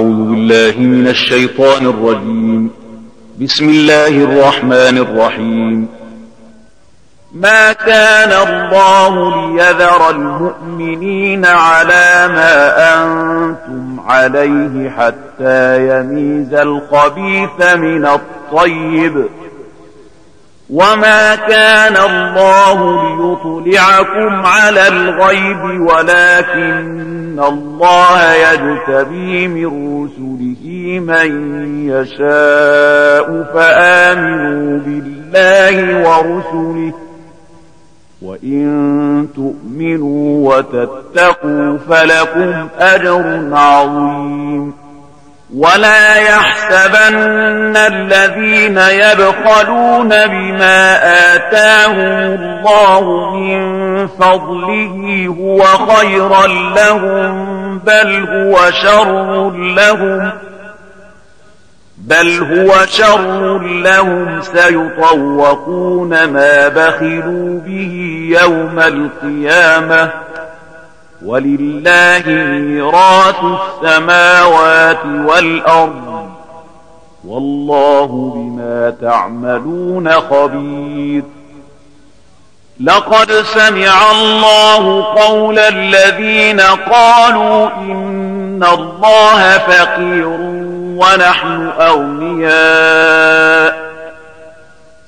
أعوذ بالله من الشيطان الرجيم بسم الله الرحمن الرحيم ما كان الله ليذر المؤمنين على ما أنتم عليه حتى يميز الخبيث من الطيب وما كان الله ليطلعكم على الغيب ولكن الله يجتبي من رسله من يشاء فآمنوا بالله ورسله وإن تؤمنوا وتتقوا فلكم أجر عظيم ولا يحسبن الذين يبخلون بما آتاهم الله من فضله هو خيرا لهم بل هو شر لهم بل هو شر لهم سيطوقون ما بخلوا به يوم القيامة ولله ميراث السماوات والأرض والله بما تعملون خبير لقد سمع الله قول الذين قالوا إن الله فقير ونحن أغنياء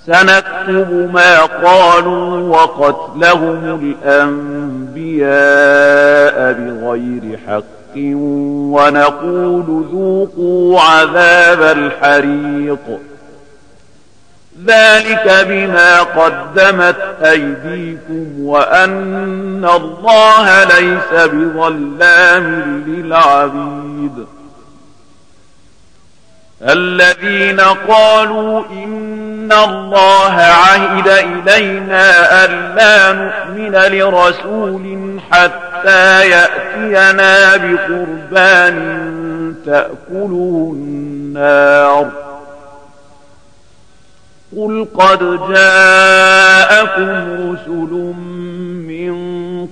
سنكتب ما قالوا وقتلهم الأنبياء بغير حق ونقول ذوقوا عذاب الحريق ذلك بما قدمت أيديكم وأن الله ليس بظلام للعبيد الذين قالوا إن الله عهد إلينا ألا نؤمن لرسول حتى يأتينا بقربان تأكله النار قل قد جاءكم رسل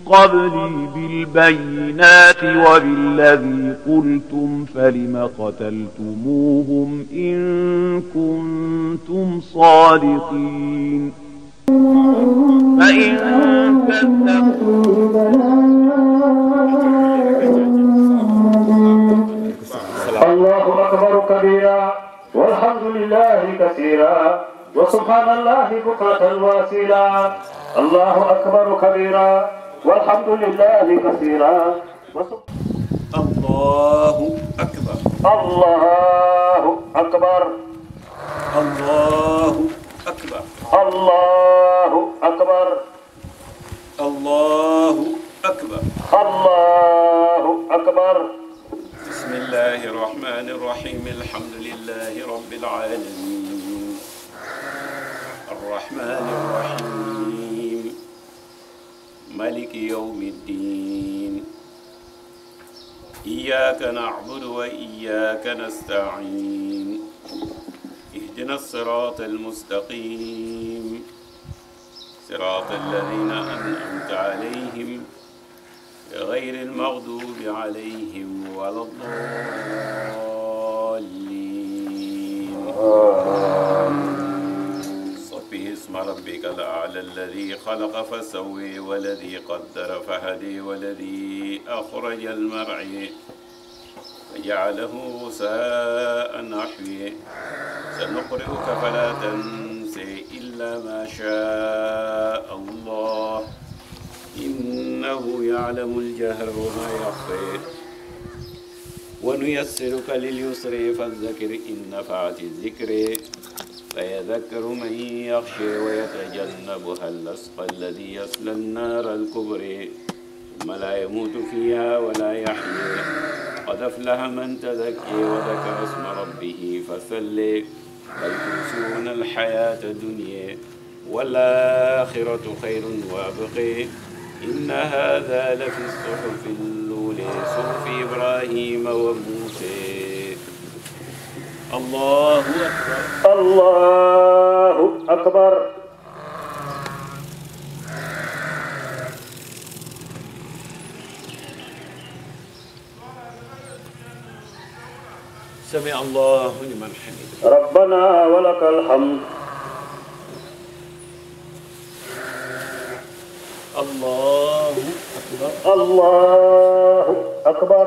قبلي بالبينات وبالذي قلتم فلم قتلتموهم إن كنتم صادقين فإن الله أكبر كبيرا والحمد لله كثيرا وسبحان الله بكرة واسيلا الله أكبر كبيرا والحمد لله كثيرا الله أكبر الله أكبر الله أكبر الله أكبر الله أكبر الله أكبر بسم الله الرحمن الرحيم الحمد لله رب العالمين الرحمن الرحيم maliki yawmi ddin iyyaka na'budu wa iyyaka nasta'in ihdina sirata almustaqim sirata alladhina an'amta alayhim غير المغضوب عليهم ولا الضالين اسم ربك الأعلى الذي خلق فسوي والذي قدر فهدي والذي أخرج المرعي فجعله غثاء نحوي سنقرئك فلا تنسي إلا ما شاء الله إنه يعلم الجهر وما يخفي ونيسرك لليسر فالذكر إن نفعت الذكر فيذكر من يخشى ويتجنبها الأسقى الذي يصلى النار الكبرى ثم لا يموت فيها ولا يحيى قد أفلح من تزكى وذكر اسم ربه فصلى بل تنسون الحياة الدنيا والآخرة خير وأبقى إن هذا لفي الصحف الأولى صحف إبراهيم وموسى allahu akbar allahu akbar sami allahu liman hamidah rabbana wa lakal hamd allahu akbar allahu akbar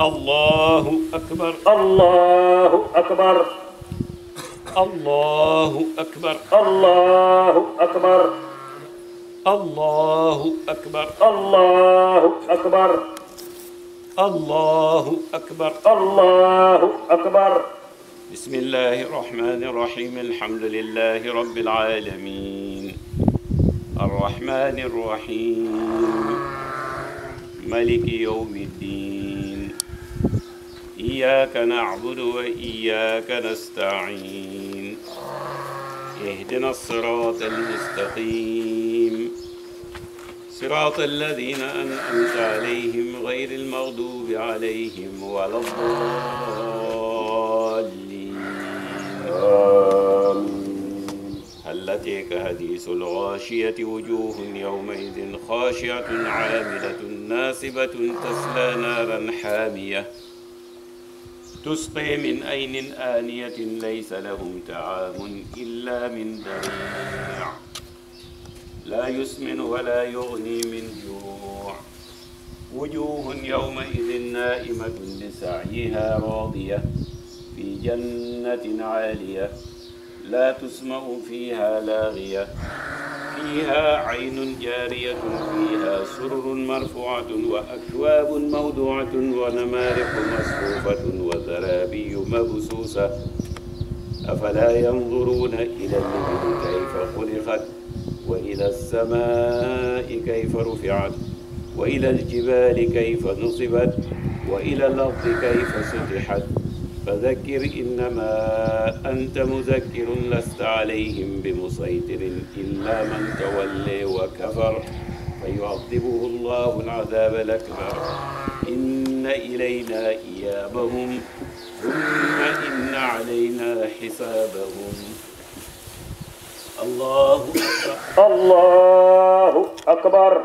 allahu akbar allahu akbar allahu akbar allahu akbar allahu akbar allahu akbar allahu akbar allahu akbar بسم الله الرحمن الرحيم الحمد لله رب العالمين الرحمن الرحيم ملك يوم الدين إياك نعبد وإياك نستعين اهدنا الصراط المستقيم صراط الذين أنعمت عليهم غير المغضوب عليهم ولا الضالين هل أتيك حديث الغاشية وجوه يومئذ خاشعة عاملة ناصبة تسلى نارا حامية تسقي من عين آنية ليس لهم تعام إلا من ضريع لا يسمن ولا يغني من جوع وجوه يومئذ نائمة لسعيها راضية في جنة عالية لا تسمع فيها لاغية فيها عين جارية فيها سرر مرفوعة وأكواب موضوعة ونمارق مصفوفة وزرابي مبسوسة أفلا ينظرون إلى الإبل كيف خلقت وإلى السماء كيف رفعت وإلى الجبال كيف نصبت وإلى الأرض كيف سطحت فذكر إنما أنت مذكر لست عليهم بمسيطر إلا من تولي وكفر فيعذبه الله العذاب الأكبر إن إلينا إيابهم ثم إن علينا حسابهم الله أكبر الله أكبر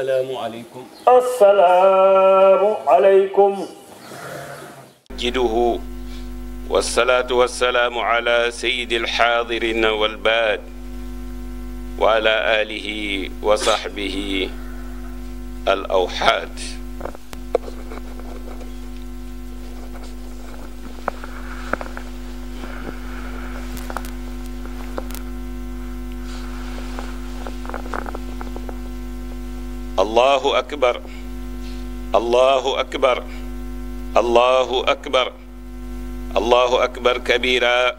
asalaamualeykum. asalaamualeykum. jiduhu. wasalaatu wasalaamu ala sayyidi alxaadirin walbaad. wa ala aalihi wa saxbihi al awxaad. allahu akbar allahu akbar allahu akbar allahu akbar kabira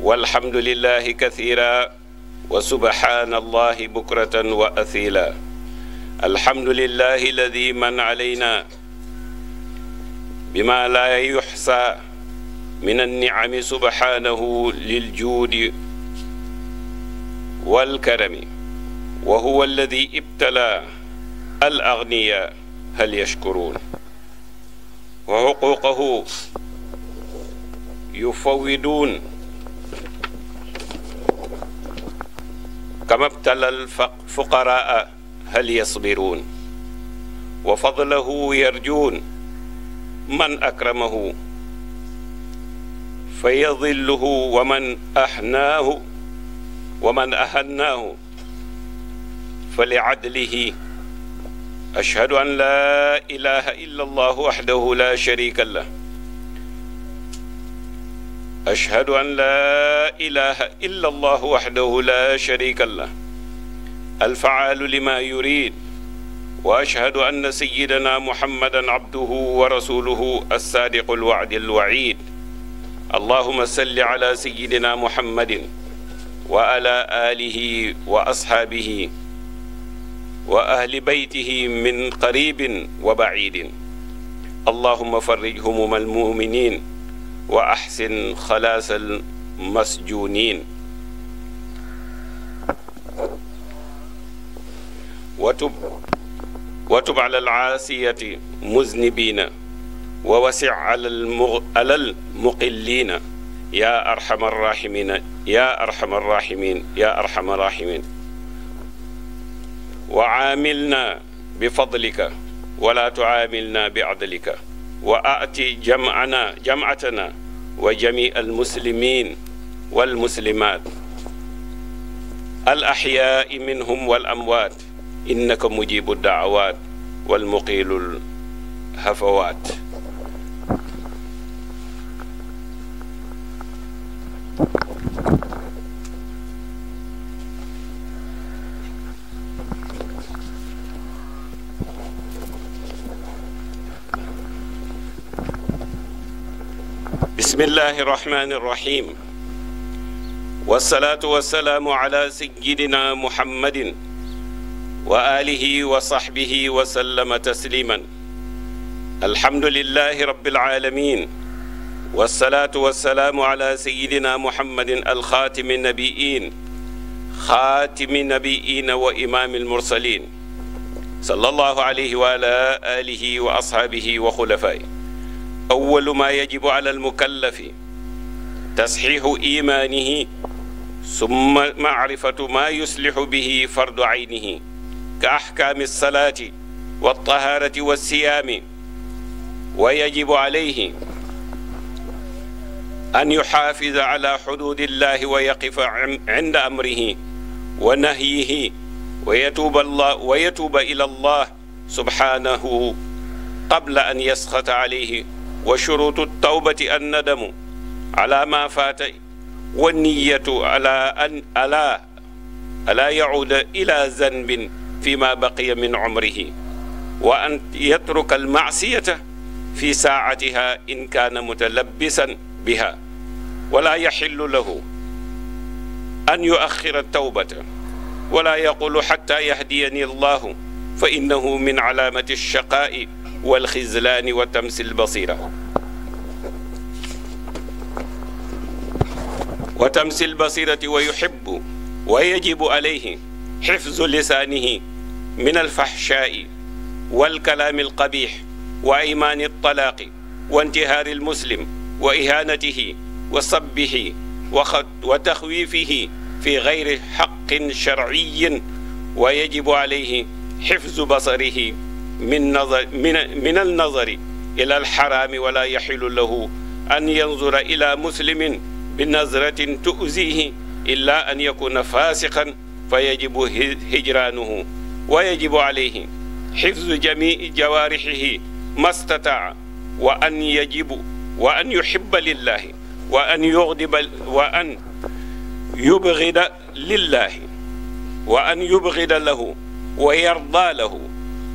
walhamdulillahi kathira wa subhanallahi bukratan wa athila alhamdulillahi alladi man alayna bima la yuxsa min annicami subhanahu liljuudi walkarami wa huwa alladi ibtala al agniya hal yashkuruun wa xuquuqahu yufawiduun kama btalal fuqaraa hal yasbiruun wa fadlahu yarjuun man akramahu fa yadilluhu wa man ahnaahu wa man ahannaahu fa li adlihi ashhadu an laa ilaha illa allah waxdahu la sharika lah ashhadu an laa ilaha illa allah waxdahu la sharika lah alfaalu lima yurid wa ashhadu anna sayyidana muhammadan abduhu wa rasuluhu alsaadiqu alwacdi alwacid allahuma salli ala sayyidina muhammadin wa ala alihi wa ashaabihi wa ahli baytihi min qaribin wa bacidin allahuma farrij humuma almuminin wa axsin xalaas almasjunin watub watub ala alcaasiyati muznibina wa wasic ala almuqillina yaa arxama arraximina yaa arxama arraximin yaa arxama arraximin wa caamilna bi fadlika wala tucaamilna bi cadlika wa aati jamcana jamcatana wa jamiica almuslimin walmuslimat alaxyaai minhum walamwaat innaka mujibu daawaat walmuqiilu lhafawaat bismillahi irrahmani irrahim wasalaatu wasalaamu ala sayidina muhammadin wa alihi wa saxbihi wa sallama tasliman alhamdulilahi rabbil alamin wasalaatu wasalaamu ala sayidina muhammadin alxaatimi nabiin xaatimi nabiina wa imaami almursalin sallallahu alayhi wa ala alihi wa asxaabihi wa xulafaay awwalu maa yajibu ala almukallafi tasxiixu imaanihi summa macrifatu maa yuslixu bihi fardu caynihi ka axkaami alsalaati waltahaarati walsiyaami wa yajibu calayhi an yuxaafida ala xuduudi illahi wa yaqifa cinda amrihi wa nahyihi wa yatuuba allah wa yatuuba ila allah subxaanahu qabla an yasxata calayhi wa shuruutu tawbati an nadamu ala ma faata wa niyatu ala an ala alaa yacuuda ila zanbin fi ma baqiya min cumrihi wa an yatruka almacsiyata fi saacatiha in kaana mutalabbisan biha wala yaxillu lahu an yuaxira tawbata wala yaqulu xata yahdiyani allahu fa innahu min calaamati alshaqaa'i wal xizlaani wa tamsil basira wa tamsil basirati wa yuhibbu wa yajibu alayhi xifzu lisaanihi min alfaxshaai walkalaami alqabiix wa aymaani altalaaqi wa intihaari almuslim wa ihaanatihi wa sabbihi wa taxwiifihi fi gayri xaqin sharciyin wa yajibu alayhi xifzu basarihi min nazar min min al nazari ila al xaraami wala yaxilu lahu an yanzura ila muslimin bi nazratin tuzihi illa an yakuna fasiqan fa yajibu hijraanuhu wa yajibu alayhi xifzu jamii jawaarixihi mastataa wa an yajibu wa an yuhibba lillahi wa an yugdiba wa an yubgida lillahi wa an yubgida lahu wa yarda lahu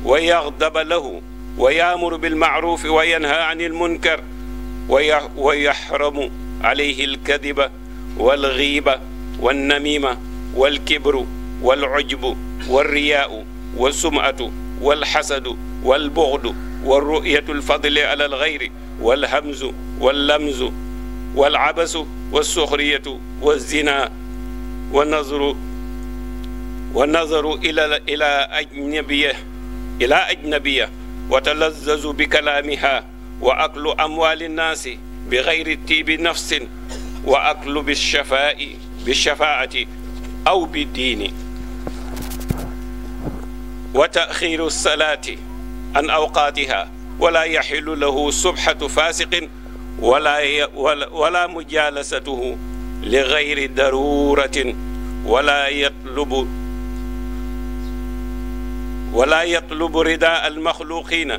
wa yaxdaba lahu wa yaamuru bilmaarufi wa yanha an ilmunkar wa wa yaxramu alayhi alkadiba walxiiba wannamima walkibru walujbu walriyaau walsumatu walxasadu walbuxdu walruyatu alfadli ala alxayri walhamzu wallamzu walcabasu walsuxriyatu walzina wa nazaru wa nazaru ila ila ajnabiya ila ajnabiya wa talazzazu bi kalaamiha wa aklu amwaali nnaasi bi gayri tiibi nafsin wa aklu bi shafaai bi shafaati aw bi diini wa taxiiru salaati an awqaatiha wala yaxilu lahu subxatu faasiqin wala wala mujaalasatuhu li gayri daruratin wala yatlubu wala yatlubu rida almaxluqina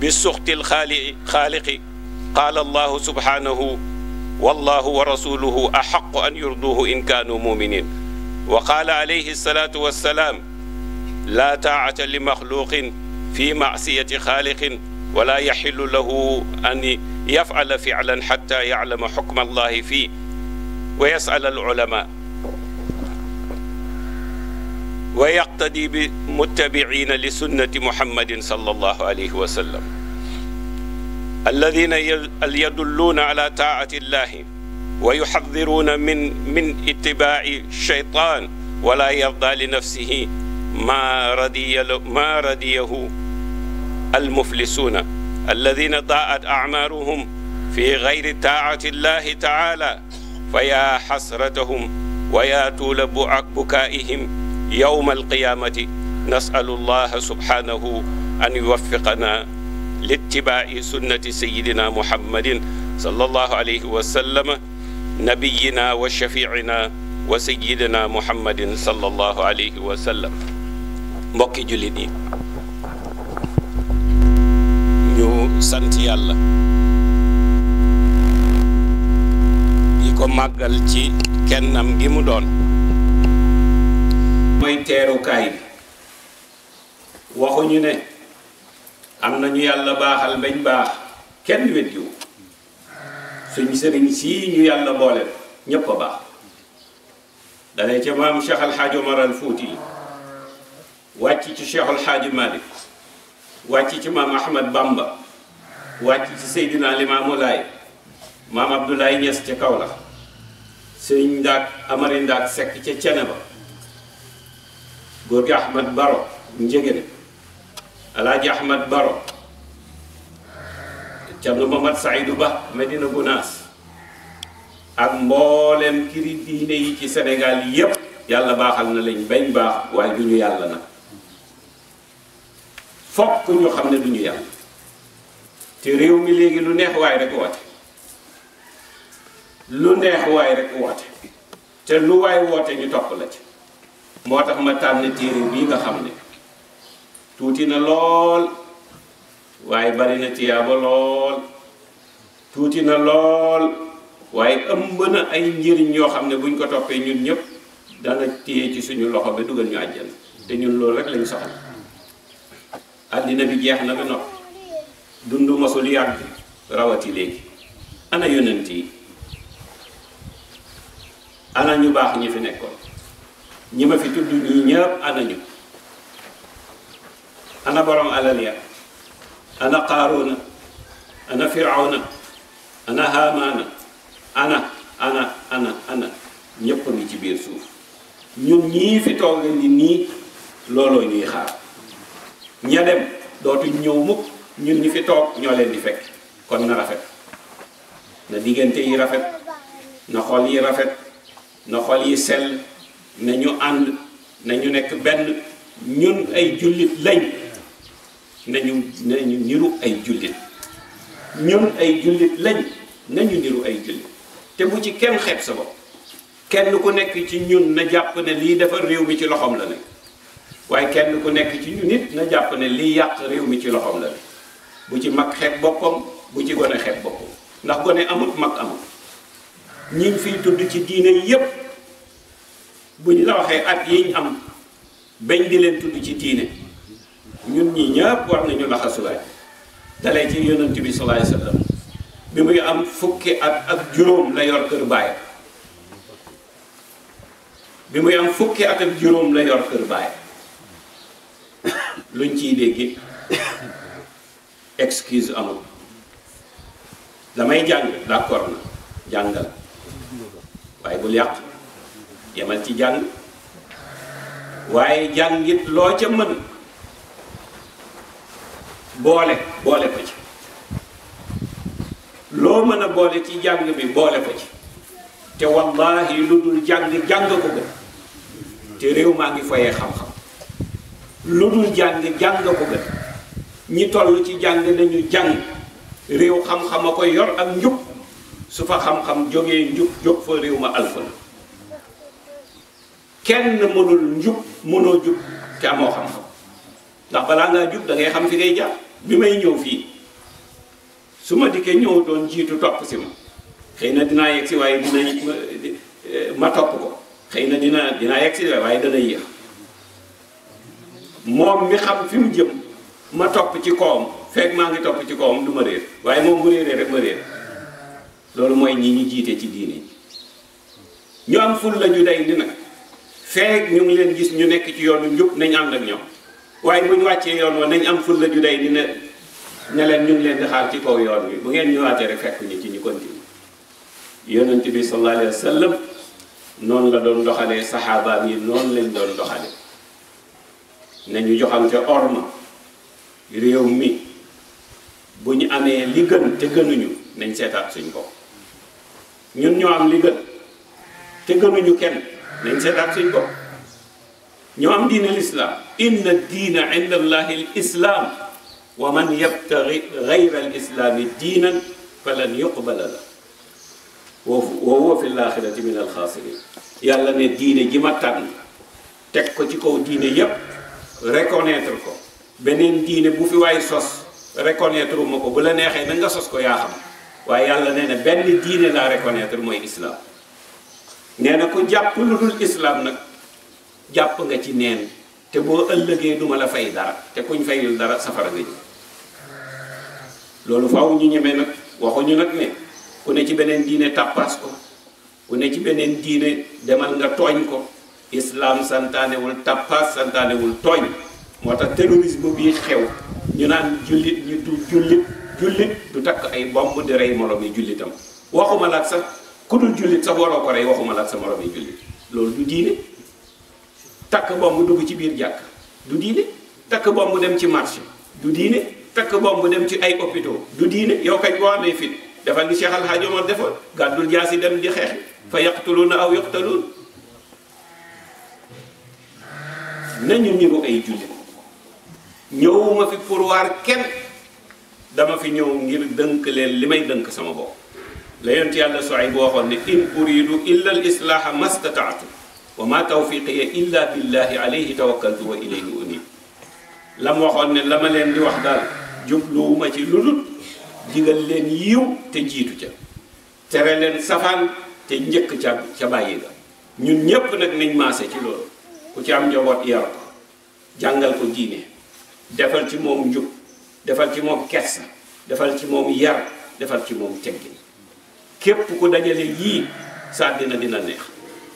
bi suxti alxaaliqi xaaliqi qaala allahu subhanahu wallahu wa rasuluhu axaqu an yurduuhu in kaanu muminin wa qaala alayhi salaatu wassalaam laa taacata li maxluqin fi macsiyati xaaliqin wala yaxilu lahu an yafcala ficlan xata yaclama xukma allahi fii wa yasal al ulama wa yaqtadi bi muttabiina li sunnati muhammadin sallallahu alayhi wa sallam alladina yadulluuna ala taati illahi wa yuxadiruuna min min itibaaci shaytaan wala yarda li nafsihi maa radiya maa radiyahu almuflisuuna alladina daat acmaaruhum fi gayri taati illahi taala fa yaa xasratahum wa yaa tuula bukaa'ihim yowma alqiyaamati nasalu llaha subhaanahu an yuwaffiqana littibaa'i sunnati sayidina muhammadin sallallahu alayhi wa sallam nabiyina wa shafiicina wa sayidina muhammadin sallallahu alayhi wa sallam mbokki jullit yi ñu sant yàlla di ko màggal ci kennam gi mu doon mooy teerukaay bi waxuñu ne am nañu yàlla baaxal bañ baax kenn weddiwu suñ sëriñ sii ñu yàlla boole ñépp a baax dalee ca maam Cheikh Al Hadj Omar wàcc ci Cheikh Al Hadj wàcc ci maam Ahmad Bamba wàcc ci Seydina Limaamu Laay maam Abdoulaye Niass ca Kaolack sëriñ Ndaak Amari Ndaak Seck ca Ceneba góor gi Ahmad Baro njëgéne alaaji Ahmad Baro Cerno Mamad Saydu Ba Medina Gunaas ak mboolem kiri diine yi ci Sénégal yépp yàlla baaxal na lañ bañ baax waaye du ñu yàlla nag fokk ñu xam ne du ñu yàlla te réew mi léegi lu neex waaye rek woote lu neex waaye rek woote te lu waay woote ñu topp la ci moo tax ma tànn téere bii nga xam ne tuuti na lool waaye bari na tiyaaba lool tuuti na lool waaye ëmb na ay njëriñ yoo xam ne buñ ko toppee ñun ñëpp dana tiye ci suñu loxo ba dugal ñu àjjana te ñun loolu rek lañu soxla àddina bi jeex na ba noppi dund mosul yàgg rawati léegi ana yonent yi ana ñu baax ñi fi nekkoon ñi ma fi tudd ñi ñëpp ana ñu ana borom alal ya ana qaaruna ana firawna ana haamaana ana ana ana ana ñëpp a ci biir suuf ñun ñii fi tooge ni nii looloo ñuy xaar ña dem dootuñ ñëw mukk ñun ñi fi toog ñoo leen di fekk kon na rafet na diggante yi rafet na xol yi rafet na xol yi sell ñu ànd nañu nekk benn ñun ay jullit lañ nañu nañu niru ay jullit ñun ay jullit lañ ñu niru ay jullit te bu ci kenn xeeb sa kenn ku nekk ci ñun na jàpp ne lii defar réew mi ci loxoom la nekk waaye kenn ku nekk ci ñun it na jàpp ne lii yàq réew mi ci loxoom la nekk bu ci mag xeeb boppam bu ci gone xeeb boppam ndax gone amut mag amut ñi fi fiy tudd ci diine yépp buñ la waxee at yiñ am bañ di leen tudd ci diine ñun ñi ñëpp war nañu laxasuwaay dalee ci yonent bi sallallahu alayhi bi muy am fukki at ak juróom la yor kër baay bi muy am fukki at ak la yor kër baay luñ ciy dégg excuse amul damay jàng d'accord na jàngal waaye bul yàq yemal ci jàng waaye jàng it loo ca mën boole boole ko ci loo mën a boole ci jàng bi boole ko ci te wallahi lu dul jàng jàng ko gën te réew maa ngi foyee xam-xam lu dul jàng jàng ko gën ñi toll ci jàng nañu jàng réew xam-xam a ko yor ak njub su fa xam-xam jógee njub jóg fa réew ma alfa la kenn mënul njub mënoo jub te amoo xam-xam ndax balaa ngaa jub da ngay xam fi ngay jaar bi may ñëw fii su ma dikkee ñëw doon jiitu topp si ma xëy na dinaa yegg si waaye ma topp ko xëy na dina dinaa yegg si waaye dana yéex moom mi xam fi mu jëm ma topp ci kawam fekk maa ngi topp ci kawam du ma réer waaye moom bu réeree rek ma réer loolu mooy ñi ñu jiite ci diine ñu am ful la ñu nag feeg ñu ngi leen gis ñu nekk ci yoonu njub nañ ànd ak ñoom waaye bu ñu wàccee yoon wa nañ am fulla ju day ni ne ne leen ñu ngi leen di xaar ci kaw yoon wi bu ngeen ñëwaatee rek fekk ñu ci ñu continue yonent bi sallallahu alayhi wa noonu la doon doxalee saxaabaam yi noonu lañ doon doxale nañu ca orma réew mi bu ñu amee li gën te gënuñu nañ seetaat suñ ko ñun ñoo am li gën te gënuñu kenn nañ seetaat suñ bopp ñoo am diina lislaam inna diina inda allahi al islaam wa man yabtagi gayra al islaami diinan falan yuqbala la wa huwa fi laaxirati min al xaasiriin yàlla ne diine ji ma tànn teg ko ci kaw diine yépp reconnaître ko beneen diine bu fi waay sos reconnaître ma ko bu la neexee na nga sos ko yaa xam waaye yàlla nee na benn diine laa reconnaître mooy islaam nee na ku jàpp lu dul islam nag jàpp nga ci neen te boo ëllëgee duma la fay dara te kuñ fayul dara safara nga ji loolu faw ñu ñemee nag waxuñu nag ne ku ne ci beneen diine tàppaas ko ku ne ci beneen diine demal nga tooñ ko islam santaanewul tàppaas santaanewul tooñ moo tax terrorisme bii xew ñu naan jullit ñu du jullit jullit du takk ay bomb di rey moroom yi jullitam waxuma laat sax ku dul jullit sax waroo ko rey waxuma la sa moroom yi jullit loolu du diine takk bomb dugg ci biir jàkk du diine takk bomb dem ci marché du diine takk bomb dem ci ay hôpitaux du diine yow kañ boo amee fit defal ni Cheikh Al defoon gàddul jaasi dem di xeex fa na aw yuqtaluun ñu niru ay jullit ñëwuma fi pour kenn dama fi ñëw ngir dënk leen li may dënk sama bopp la yonent yàlla Suayb waxoon ne in uridu illa al islaaha mastataatu wa ma tawfiqiya illa billahi alayhi tawakkaltu wa ilayhi unib la mu waxoon ne la leen di wax daal jubluwuma ci lu dul digal leen yiw te jiitu ca tere leen safaan te njëkk ca ca bàyyi ga ñun ñépp nag nañ maase ci loolu ku ci am njaboot yar ko jàngal ko diine defal ci moom njub defal ci moom kersa defal ci moom yar defal ci moom teggin képp ku dajale yii sa àddina dina neex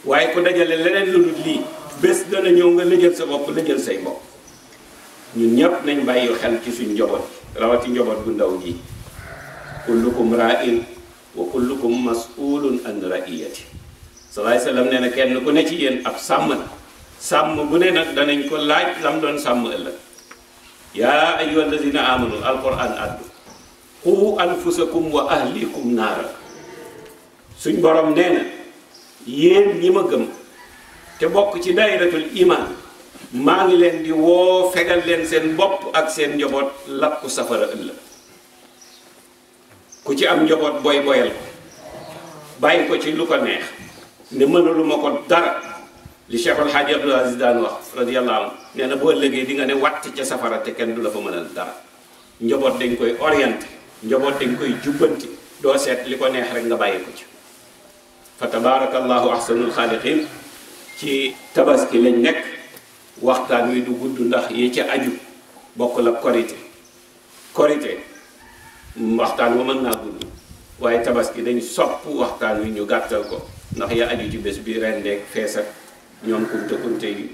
waaye ku dajale leneen lu dul lii bés dana ñëw nga lëjal sa bopp lëjal say bopp ñun ñépp nañ bàyyi xel ci suñ njaboot rawati njaboot bu ndaw ji kullukum ra'in wa kullukum mas'ulun an sa salaay salaam nee na kenn ku ne ci yéen ab sàmm la sàmm bu ne danañ ko laaj lam doon sàmm ëllëg yaa ayyuha alladina amanu alquran addu qu anfusakum wa ahlikum naara suñ boroom nee na yéen ñi ma gëm te bokk ci dayratul iman maa ngi leen di woo fegal leen seen bopp ak seen njaboot lakku safara ëllëg ku ci am njaboot boy boyal ko bàyyi ko ci lu ko neex ne ma ko dara li Cheikhul Hadji Abdoul Aziz daan wax radiyallahu anhu nee boo ëllëgee di nga ne wàtt ca safara te kenn du la fa a dara njaboot dañ koy orienté njaboot dañ koy jubbanti doo seet li ko neex rek nga bàyyi ko ci fa tabaarakallaahu ahsanul xaaliqiin ci tabaski lañ nekk waxtaan wi du gudd ndax yi ci aju bokk la korite korite waxtaan wa mën naa gudd waaye tabaski dañ sopp waxtaan wi ñu gàttal ko ndax ya aju ci bés bi rendeek fees ak ñoom kumte kumte yi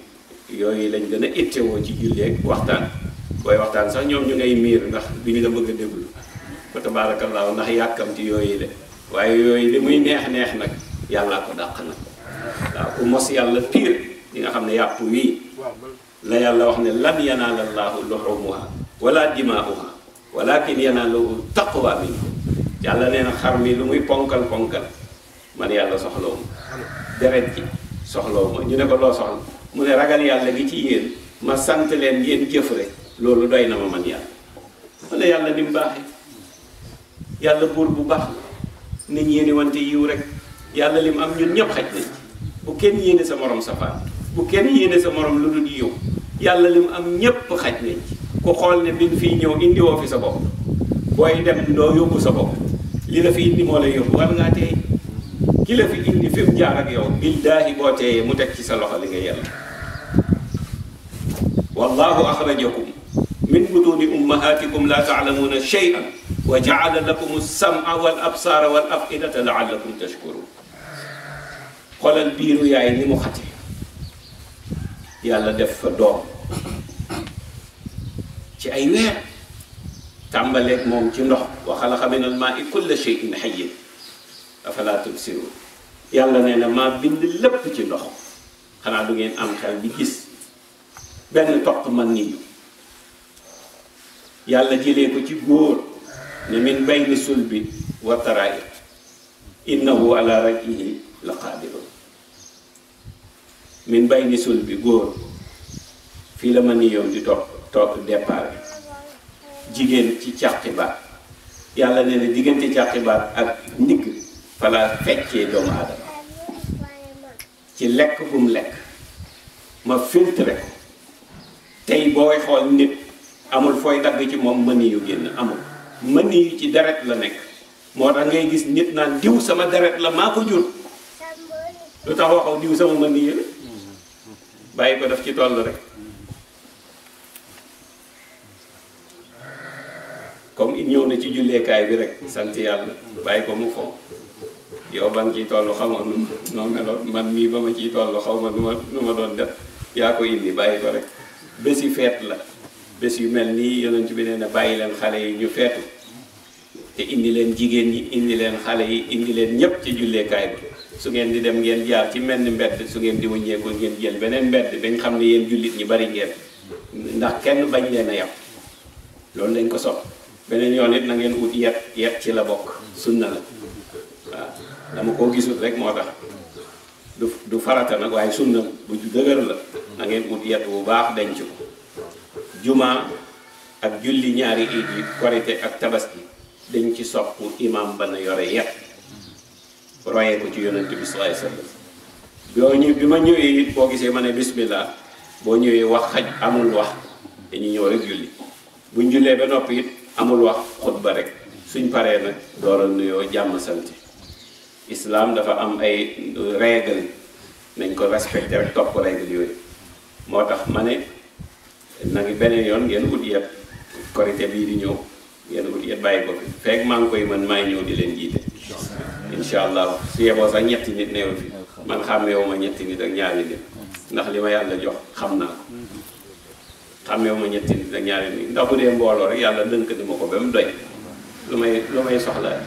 yooyu lañ gën a ittewoo ci julleek waxtaan waaye waxtaan sax ñoom ñu ngay miir ndax bi ñu la bëgg a déglu fa tabaarakallaahu ndax yàkkamti yooyu le waaye yooyu li muy neex neex nag yàllaa ko dàq nag waaw ku mos yàlla piir di nga xam ne yàpp wii la yàlla wax ne lan yanaala llaahu luxumuha wala dimaauha walakin yanaaluhu taqwa minkum yàlla nee na xar mi lu muy ponkal ponkal man yàlla soxlawu ma deret soxla mu ne ragal yàlla gi ci yéen ma sant leen yéen jëf rek loolu doy na ma man yàlla ma ne yàlla ni mu baaxee yàlla buur bu baax la nit ñi yéeni wante yiw rek yàlla lim am ñun ñëpp xaj nañ ci bu kenn yéene sa morom safaan bu kenn yéene sa morom lu du yiw yàlla li mu am ñëpp xaj nañ ci ku xool ne bi fii ñëw indi woo fi sa bopp booy dem doo yóbbu sa bopp li la fi indi moo lay yóbbu ngaa teey ki la fi indi fi mu jaar ak yow billaahi boo mu teg ci sa loxo li nga yàlla wallahu axrajakum min butuuni ummahaatikum laa taalamuuna shay'an wa jaala lakum as-sam'a wal absaara wal af'idata laallakum tashkuruun xoolal biiru yaay ni mu xati yàlla def fa doom ci ay weer tàmbaleeg moom ci ndox wa xalaqa min al-maa'i kulla shay'in hayyin afalaa tubsiruun yàlla nee maa bind lépp ci ndox xanaa du ngeen am xel di gis benn toq man nit ñu yàlla jëlee ko ci góor ne min bayni sulbi wa taraa'iq innahu ala raj'ihi la qaadirun min bay ni sul bi góor fii la ma niyoom di topp topp départ jigéen ci càqi baat yàlla ne na diggante càqi baat ak ndigg fala feccee doomu aadama ci lekk bu mu lekk ma filtre tey booy xool nit amul fooy dagg ci moom mën yu génn amul mën yu ci deret la nekk moo tax ngay gis nit naan diw sama deret la maa ko jur lu tax waxaw diw sama mën yu bàyyi ko def ci toll rek comme ñëw na ci julleekaay bi rek sant yàlla bàyyi ko mu fo yow ba nga ciy toll xamoo nu man mii ba ma ciy toll xaw ma nu ma nu ma doon def yaa ko indi bàyyi ko rek bés yi feet la bés yu mel nii yonent bi nee bàyyi leen xale yi ñu feetu te indi leen jigéen ñi indi leen xale yi indi leen ñépp ci julleekaay bi su ngeen di dem ngeen jaar ci mel ni mbedd su ngeen di wëññeekoo ngeen jël beneen mbedd bañ xam ne yéen jullit ñi bari ngeen ndax kenn bañ leen a yàpp loolu dañ ko sob beneen yoon it na ngeen ut yet yet ci la bokk sunna la waaw dama koo gisul rek moo tax du farata nag waaye sunna bu dëgër la na ngeen yet bu baax denc ko juma ak julli ñaari iid yi korite ak tabaski dañ ci sopp imam ba na yore yet royee ko ci yonent bi salaay sallam ñu bi ma ñëwee it boo gisee ma ne bismillah boo ñëwee wax xaj amul wax dañuy ñëw rek julli buñ jullee ba noppi it amul wax xutba rek suñ paree nag dooral nuyoo jàmm sant islaam dafa am ay règle nañ ko respecte rek topp règle yooyu moo tax ma ne na ngi beneen yoon ngeen ut yet korité bii di ñëw ngeen ut yet bàyyi ko fi feeg maa ngi koy mën maay ñëw di leen jiite incha allah su yeboo sax ñetti nit néew fi man xàmmeewuma ñetti nit ak ñaari nit ndax li ma yàlla jox xam naa ko xàmmeewuma ñetti nit ak ñaari nit ndax bu dee mbooloo rek yàlla dënk di ma ko ba mu doy lu may lu may soxla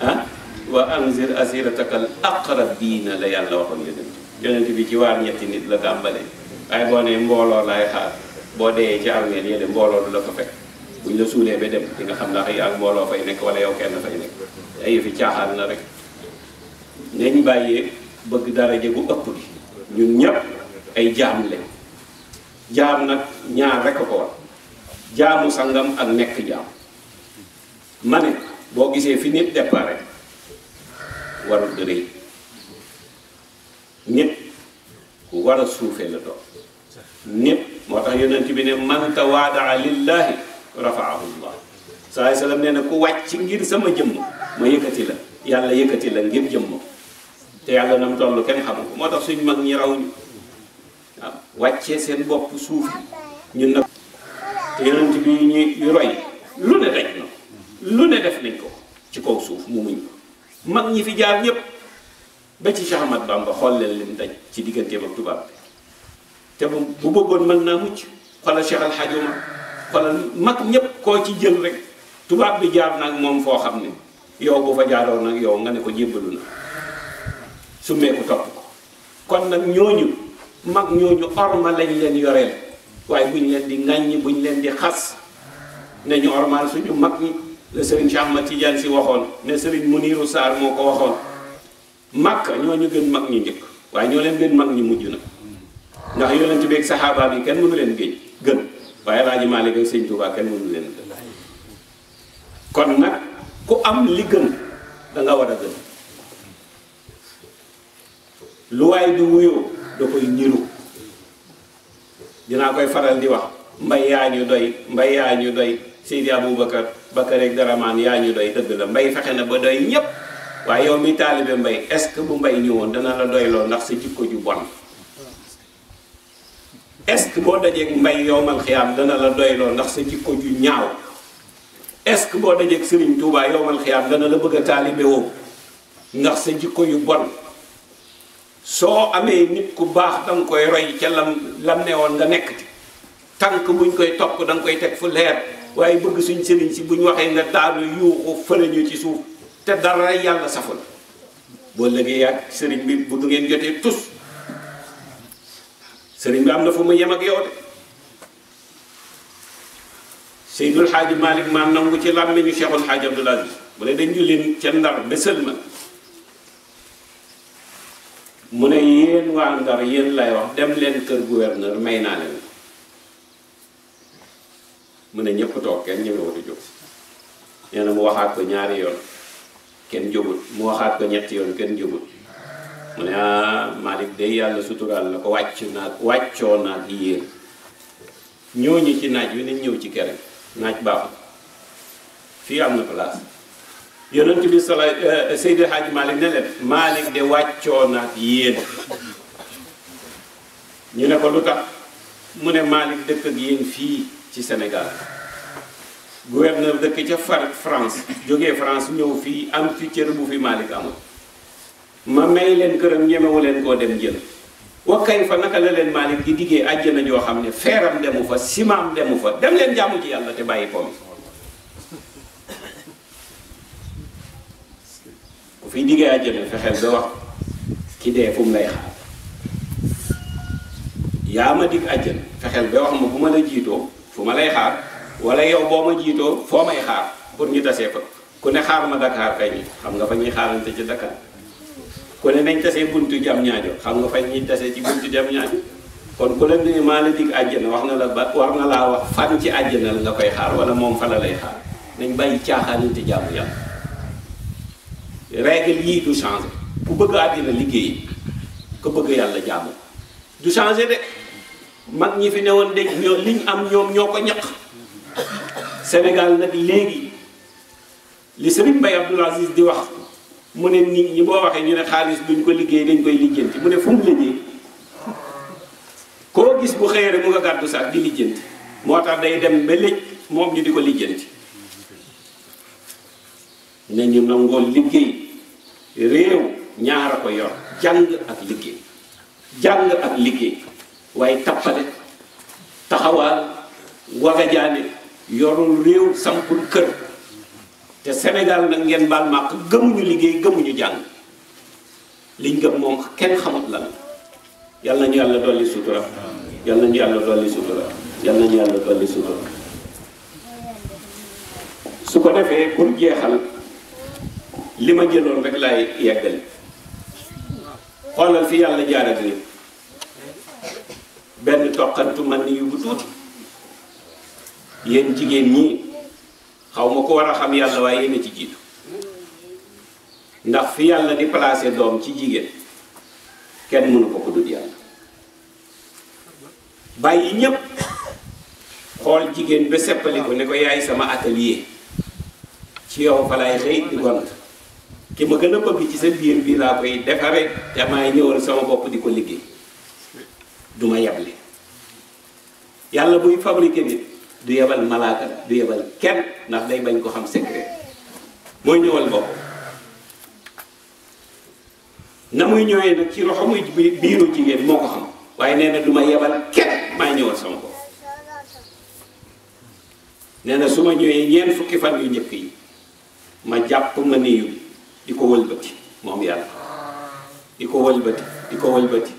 ah wa anzir asiratakal aqrabiina la yàlla waxoon nga dem yonent bi ci waar ñetti nit la tàmbalee ay boo nee mbooloo laay xaar boo dee ci armeel yële mbooloo du la ko fekk buñ la suulee ba dem di xam naa yaa mbooloo fay nekk wala yow ay yëfi caaxaan la rek nañ bàyyee bëgg daraja bu ëpp bi ñun ñëpp ay jaam lañ jaam nag ñaar rek ko war jaamu sangam ak nekk jaam ma ne boo gisee fi nit départ warul dërëy nit ku war a suufee la doon nit moo tax yonent bi ne man tawaadaa lillahi rafaahu llah sallallahu alayhi wa nee na ku wàcc ngir sama jëmm ma yëkkati la yàlla yëkkati la ngir jëmm te yàlla na mu toll kenn xamul moo tax suñu mag ñi raw ñu waaw wàccee seen bopp suuf ñun nag te yonent bi ñu roy lu ne daj na lu ne def nañ ko ci kaw suuf mu muñ mag ñi fi jaar ñépp ba ci Cheikh Ahmad Bamba xool leen lim daj ci digganteem ak tubaab bi te bu bu bëggoon mën naa mucc xoolal Cheikh Al Hadj mag ñépp koo ci jël rek tubaab bi jaar nag moom foo xam ne yow bu fa jaaroon nag yow nga ne ko jébbalu na su meeku topp ko kon nag ñooñu mag ñooñu orma lañ leen yoreel waaye buñ leen di ŋàññi buñ leen di xas ne ñu ormal suñu mag ñi la sëriñ Cheikh Ahmad Tidiane si waxoon ne sëriñ Muniru Saar moo ko waxoon makka ñoo ñu gën mag ñu njëkk waaye ñoo leen gën mag ñu mujj na ndax yonent bi ak saxaaba bi kenn mënu leen géej gën waaye Alaaji Maalik ak Sëñ Tuubaa kenn mënu leen gën kon nag ku am li gën da war a gën lu waay di wuyoo da koy niru dinaa koy faral di wax mbay yaa ñu doy mbay yaa ñu doy Seydi Aboubacar Bakar ak Daraman yaa ñu doy dëgg la mbay fexe na ba doy ñépp waaye yow mi taalibe mbay est-ce que bu mbay woon dana la doy ndax sa jikko ju bon est-ce que boo dajee mbay yow mal xiyaam dana la doy lool ndax sa jikko ju ñaaw est-ce que boo dajeeg Serigne Touba yowmal xiyaam dana la bëgg a taalibe woo ndax sa jikko yu bon soo amee nit ku baax danga koy roy ca lam lam ne woon nga nekkati tànk buñ koy topp danga koy teg fu leer waaye bëgg suñ sëriñ si buñ waxee nga daanu yuuxu fële ñu ci suuf te dara yàlla saful boo léegi ak sëriñ bi bu du ngeen jotee tus sëriñ bi am na fu mu yem ak yow de Seydul Xaaji Malick maa nangu ci làmmiñu Cheikhul Xaaji Abdoul Aziz bu ne dañ julli ca Ndar ba sëlma mu ne yéen waa Ndar yéen lay wax dem leen kër gouverneur may naa leen mu ne ñëpp toog kenn ñemewatu jóg nee mu waxaat ko ñaari yoon kenn jógut mu waxaat ko ñetti yoon kenn jógut mu ne ah day yàlla suturaal la ko wàcc naa wàccoo naa ak yéen ñooñu ci naaj wi nañ ñëw ci kere naaj baaxul fii am na place yonent bi sala eh, Seydi Hadj Malick ne leen de wàccoo naat yéen ñu ne ko lu tax mu ne Malick dëkk ak yéen fii ci Sénégal gouverneur dëkk ca far France jógee France ñëw fii am fi cër bu fi Malick amul ma may leen këram ñemewu leen koo dem jël wax kay fa naka la leen Malick di diggee àjjana joo xam ne feeram demu fa simaam demu fa dem leen jaamu ci yàlla te bàyyi pom ku fi diggee àjjana fexeel ba wax ki dee fu lay xaar yaa ma dig àjjana fexeel ba wax ma bu ma la jiitoo fu ma lay xaar wala yow boo ma jiitoo foo may xaar pour ñu tasee ko ku ne xaar ma Dakar kañ xam nga fa ñuy xaarante ci Dakar kone ne nañ tasee buntu jam ñaajo xam nga fañ ñuy tasee ci buntu jam ñaajo kon ku la ne maa la dig àjjana wax na la ba war na laa wax fan ci àjjana la la koy xaar wala moom fa la lay xaar nañ bàyyi caaxaanante jàmm yàlla règle yii du changé ku bëgg àddina liggéey ku bëgg yàlla jàmm du changé de mag ñi fi newoon de liñ am ñoom ñoo ko ñaq Sénégal nag léegi li Serigne Baye Abdoul Aziz di wax mu ne nit ñi boo waxee ñu ne xaalis duñ ko liggéey dañ koy lijjanti mu ne fu mu liggéey koo gis bu xëyee rek mu nga gàddu sax di lijjanti moo tax day dem ba léj moom ñu di ko lijjanti ne ñu nangoo liggéey réew ñaar a ko yor jàng ak liggéey jàng ak liggéey waaye tappale taxawaal wagajaane yorul réew sampul kër te senegal nag ngeen baal màq gëmuñu liggéey gëmuñu jàng liñ gëm moom kenn xamut lan yàlla nañu yàlla dolli sutura yàlla nañu yàlla dolli sutura yàlla dolli sutura su ko defee pour jeexal li ma jëloon rek lay yeggali xoolal fi yàlla jaarat ni benn toqantu man ni yu bu tuuti yéen jigéen ñi xaw ma ko war a xam yàlla waaye yéen a ci jiitu ndax fi yàlla di placé doom ci jigéen kenn mënu ko ko yàlla bàyyi ñépp xool jigéen ba seppali ko ne ko yaay sama atelier ci yow fa laay xëy di gont ki ma gën a bëgg ci sa biir bii laa koy defaree te maay ñëwal sama bopp di ko liggéey duma yable yàlla buy fabriqué nit du yebal malaaka du yebal kenn ndax day bañ ko xam secret mooy ñëwal bopp na muy ñëwee nag ci loxo muy biiru jigéen moo ko xam waaye nee na du ma yebal kenn maa ñëwal sama bopp nee na su ma ñëwee ñeent fukki fan yu njëkk yi ma jàpp ma niyu di ko wëlbati moom yàlla di ko wëlbati di ko wëlbati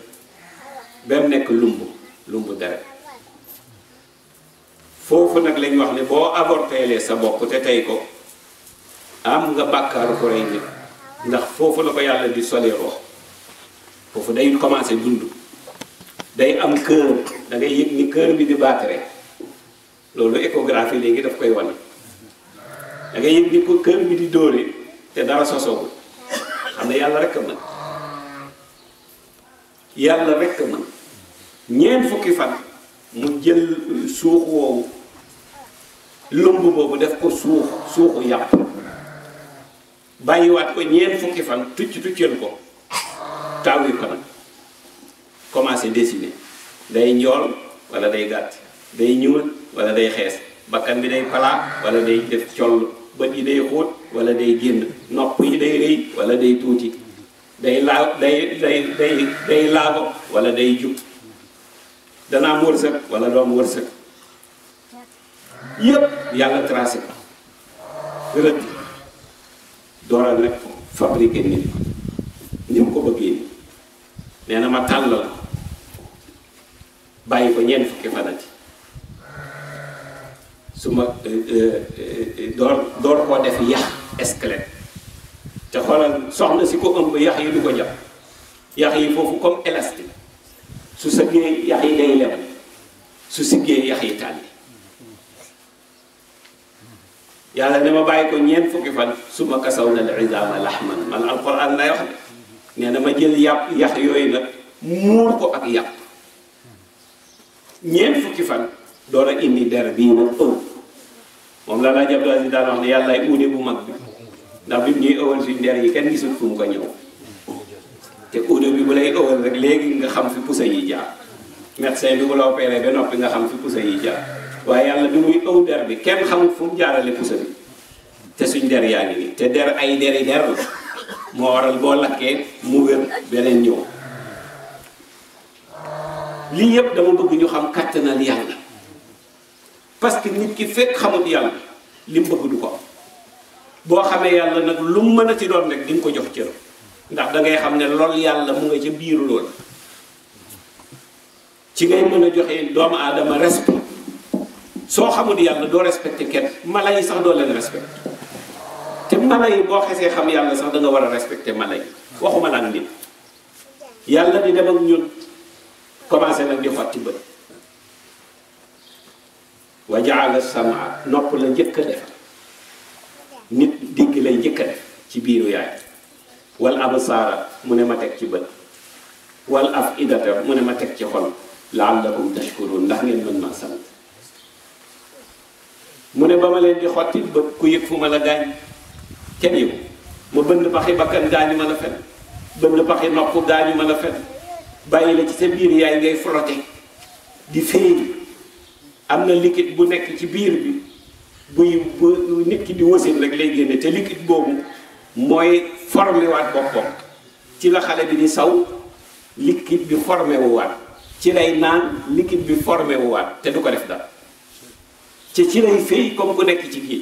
ba mu nekk lumb lumb dara foofu nag lañ wax ne boo avorteelee sa bopp te tey ko am nga bàkkaaru ko rey nit ndax foofu la ko yàlla di soli rox foofu day commencé dund day am kër kër bi di battre loolu échographie léegi daf koy wane da ngay yëg ni ko kër bi di dóore te dara sosoobu xam ne yàlla rekk mën yàlla rekk mën ñeent fukki fan mu jël suux woowu lumb boobu def ko suux suuxu yàpp bàyyiwaat ko ñeent fukki fan tucc tuccal ko taawi ko nag commencé dessiner day njool wala day gàtt day ñuul wala day xees bakkan bi day palaa wala day def coll bët yi day xóot wala day génn nopp yi day rëy wala day tuuti day day day day laago wala day jub danaa am wërsëg wala doomu wërsëg yëpp yàlla tracé ko rëdd dooral nag fabriqué nit ni mu ko bëggee nee na ma tàll la bàyyi ko ñeent fukki fanati su ma euh, euh, euh, door door koo def yax squelette te xoolal soxna si ko ëmb yax yi du ko jàpp yax yi foofu comme élastique su sëggee yax yi day lem su siggee yax yi tàlli yàlla ne ma bàyyi ko ñeent fukki fan su ma kasaw na al izaama lahman man alquran lay wax de nee na ma jël yàpp yax yooyu nag muur ko ak yàpp ñeent fukki fan door a indi der bii nag ëw moom la laaj Abdou Aziz daan wax ne yàllaay bu mag bi ndax bi ñuy ëwal suñ der yi kenn gisul fu mu ko ñëw te uude bi bu lay ëwal rek léegi nga xam fi pusa yi jaar médecin bi bu la opéré ba noppi nga xam fi pusa yi jaar waaye yàlla bi muy ëw der bi kenn xamul fu jaarale pusa bi te suñ der yaa ngi nii te der ay deri der la moo waral boo lakkee mu wér beneen ñëw lii yëpp dama bëgg ñu xam kàttanal yàlla parce que nit ki fekk xamut yàlla li mu bëgg du ko am boo xamee yàlla nag lu mu mën a ci doon rek di nga ko jox cër ndax dangay xam ne lool yàlla mu nga ca biir lool ci ngay mën a joxe doomu aadama respect soo xamul yàlla doo respecté kenn mala yi sax doo leen respecté te mala yi boo xesee xam yàlla sax da war a respecté mala yi waxuma la ak nit yàlla di dem ak ñun commencé nag di ci bët wa jaala sama nopp la njëkk a def nit digg lay njëkk def ci biiru yaay wal absaara mu ne ma teg ci bët wal af idata mu ne ma teg ci xol la'allakum tashkurun ndax ngeen mën maa sant mu ne ba ma leen di xotti ba ku yëg fu ma la gaañ kenn yëg ma bënn paxi bakkan gaañu ma la fen bënn paxi nopp gaañu ma la fen bàyyi la ci sa biir yaay ngay frotté di féey am na liquide bu nekk ci biir bi buy bu nit di wasin rek lay génne te liquide boobu mooy formé waat ci la xale bi di saw liquide bi formé ci lay naan liquide bi formé wu te du ko def dara ci ci lay fay comme ku nekk ci kii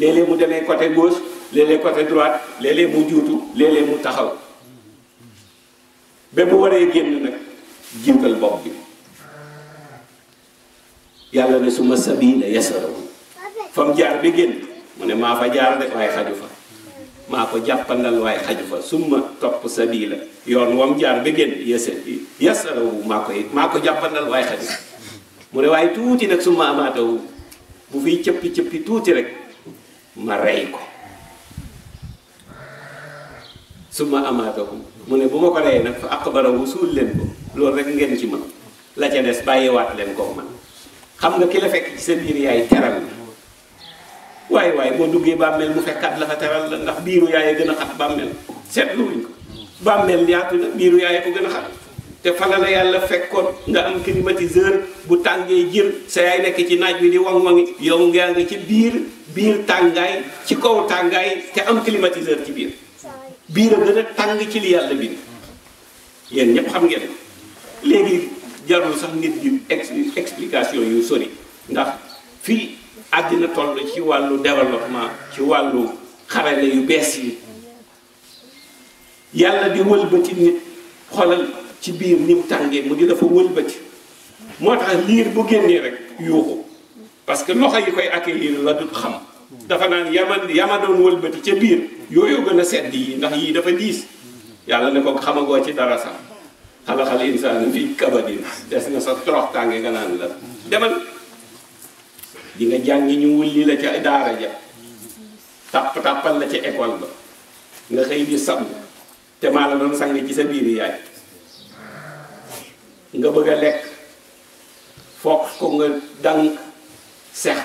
léeg mu demee côté gauche léeg-léeg côté droite léeg-léeg mu juutu léeg mu taxaw ba mu waree génn nag jiital bopp bi yàlla ne suma sabila yasarahu fa mu bi génn mu ne maa fa jaar de xaju fa maa ko jàppandal waaye xaju fa suma topp sabila yoon wam jaar bi génn yasa yasarahu maa koy maa ko jàppandal waaye xaju fa mu ne waaye tuuti nag suma amaatawu bu fiy cëppi cëppi tuuti rek ma rey ko summa amaatahum mu ne bu ma ko reyee nag fa aqbarahu suul leen ko loolu rek ngeen ci man la ca des bàyyiwaat leen ko man xam nga ki la fekk ci sa biir yaay teral la waaye waaye boo duggee bàmmeel mu fekkaat la fa teral la ndax biiru yaay a gën a xat bàmmeel seetlu wuñ ko bàmmeel yaatu na biiru yaay ko gën a xat te fala la yàlla fekkoon nga am climatiseur bu tàngee jir sa yaay nekk ci naaj wi di waŋ-waŋi yow ngaa nga ci biir biir tàngaay ci kaw tàngaay te am climatiseur ci biir biir a gën a tàng ci li yàlla bind yéen ñépp xam ngeen léegi jarul sax nit di explication yu sori ndax fii àddina toll ci wàllu développement ci wàllu xarale yu bees yi yàlla di wëlbati nit xoolal ci biir ni mu tàngee mu di dafa wëlbati moo tax liir bu génnee rek yuuxu parce que loxo yi koy accueillir la dul xam dafa naan yama yama doon wëlbati ca biir yooyu gën a sedd yi ndax yii dafa diis yàlla ne ko xamagoo ci dara sax xalaxal insaan fii kabadin des nga sa torox tànge nga naan la demal di nga jàngi ñu wulli la ca daara ja tàpp tàppal la ca école ba nga xëy di sàmm te maa la doon sang ci sa biir yaay nga bëgg a lekk foog ko nga dang sex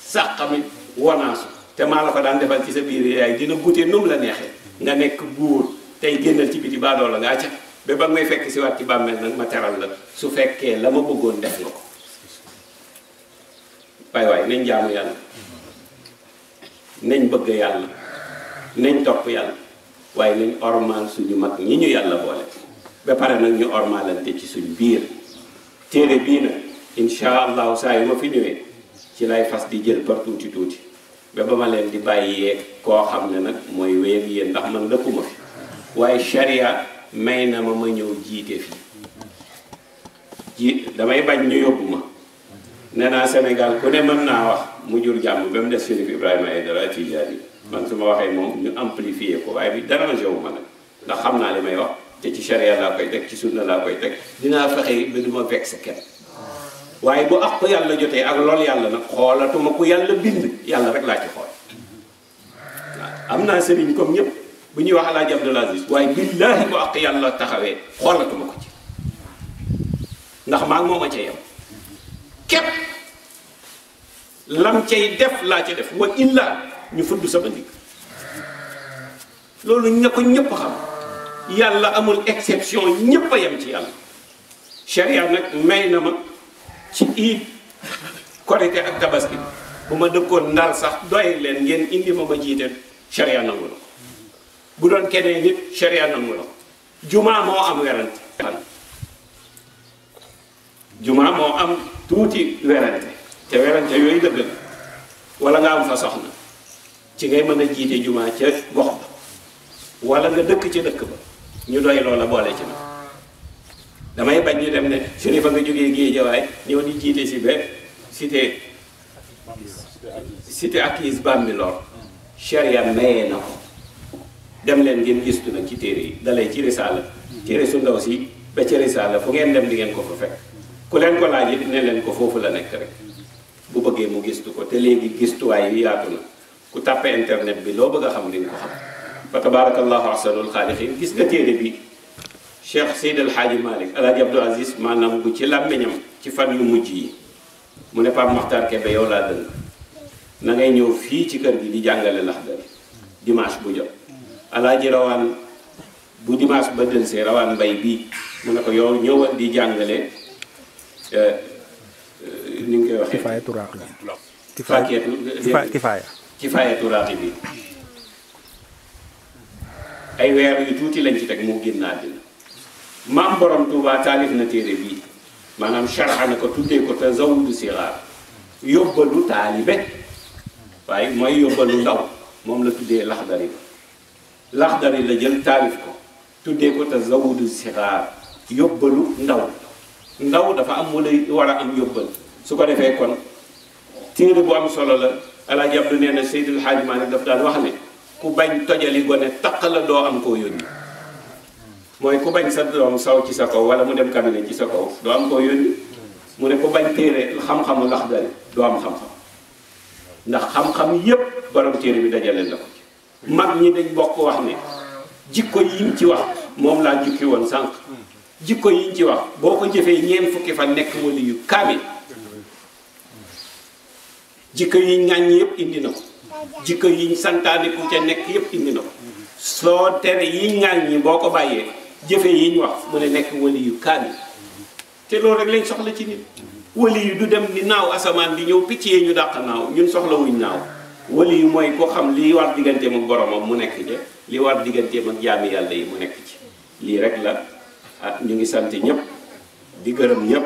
sax xamit wanaasu te maa la ko daan defal ci sa biir yaay dina gute num la neexee nga nekk buur tey génnal ci biti baadoo la ngaa ca ba ba ngay fekk si waat ci bàmmeel nag ma teral la su fekkee la ma bëggoon def nga ko waay waay nañ jaamu yàlla nañ bëgg yàlla nañ topp yàlla waaye nañ ormaan suñu mag ñi ñu yàlla boole ba nag ñu ormalante ci suñ biir téere bii nag incha allahu saa yu ma fi ñëwee ci lay fas di jël par tuuti tuuti ba ba ma leen di bàyyee koo xam ne nag mooy wéy ak yéen ndax man dëkkuma fi waaye sharia may na ma ma ñëw jiite fi ji damay bañ ñu yóbbu ma nee naa senegal ku ne mën naa wax mu jur jàmm ba mu des Chérif Ibrahima Aïdara Tidiane man su ma waxee moom ñu amplifié ko waaye bi dérangé ma nag ndax xam naa li may wax te ci charia laa koy teg ci sunna laa koy teg dinaa fexe ba du ma vexé kenn waaye bu ak ko yàlla jotee ak lool yàlla nag xoolatuma ku yàlla bind yàlla rek laa ci xool naa sëriñ comme ñëpp bu ñuy wax alaaji Abdul Aziz waaye billaahi bu ak yàlla taxawee xoolatuma ko ci ndax maa ngi moom a ca yem képp lam cay def laa ca def wa illa ñu fudd sama ndigg loolu ña ko ñëpp xam yàlla amul exception ñépp a yem ci yàlla sharia nag may na ma ci iid korité ak tabaski bu ma dëkkoon ndar sax doy leen ngeen indi ma ma jiite sharia nangu la bu doon keneen nit sharia nangu la jumaa moo am werante jumaa moo am tuuti werante te werante yooyu dëgg la wala nga am fa soxna ci ngay mën a jiite jumaa ca gox ba wala nga dëkk ci dëkk ba ñu doy loola boole ci ma damay bañ ñu dem ne sëriñ fa nga jógee Géejawaay ñëw di jiite si ba cité cité acquise Bambilor sharia mayee na ko dem leen ngeen gistu nag ci téere yi dalay ci risaala téere su ndaw si ba ci risaala fu ngeen dem di ngeen ko fa fekk ku leen ko laaj it ne leen ko foofu la nekk rek bu bëggee mu gistu ko te léegi gistuwaay yu yaatu na ku tàppe internet bi loo bëgg a xam li nga ko xam fa tabarakallahu ahsanul xaaliqin gis nga téere bi cheikh seyd alxaaji malik alaaji abdul aziz maanaam bu ci làmmiñam ci fan yu mujj yi mu ne Pape Makhtar Kébé yow laa dëng na ñëw fii ci kër gi di jàngale laxdari dimanche bu jot alaaji rawaan bu dimanche ba dëlsee rawaan mbay bii mu ne ko yow ñëwal di jàngale eh, eh, ni nga koy waxee kifaaya turaax kifaaya kifaaya turaax bi ay weer yu tuuti lañ ci teg mu génn àddina maam borom Touba taalif na téere bii maanaam sharxa na ko tuddee ko tazawudu siraar yóbbalu taalibe waaye mooy yóbbalu ndaw moom la tuddee laxdari ba laxdari la jël taalif ko tuddee ko tazawudu siraar yóbbalu ndaw ndaw dafa am mu lay war a am yóbbal su ko defee kon téere bu am solo la ala Hadj Abdou nee na Seydil Hadj Malick daf daan wax ne. ku bañ tojali gone taq la doo am koo yónni mooy ku bañ sa doom saw ci sa kaw wala mu dem kanale ci sa kaw doo am koo yónni mu ne ku bañ téere xam ndax dale doo am xam-xam ndax xam-xam yépp borom téere bi dajale la ko mag ñi dañ bokk wax ne jikko yiñ ci wax moom laa jukki woon sànq jikko yiñ ci wax boo ko jëfee ñeent fukki fan nekk wali yu kaamil jikko yiñ ŋàññ yépp indi na ko jikko yiñ santaane ku ca nekk yëpp indi na ko soo tere yiñ ŋaañ ñi boo ko bàyyee jëfe ñu wax mu ne nekk wali yu kaamil te loolu rek lañ soxla ci nit wali yu du dem ni naaw asamaan di ñëw picc yee ñu dàq naaw ñun soxlawuñ naaw wali yu mooy koo xam li war digganteem ak boromam mu nekk ci li war digganteem ak jaami yàlla yi mu nekk ci lii rek la ah ñu ngi sant ñëpp di gërëm ñëpp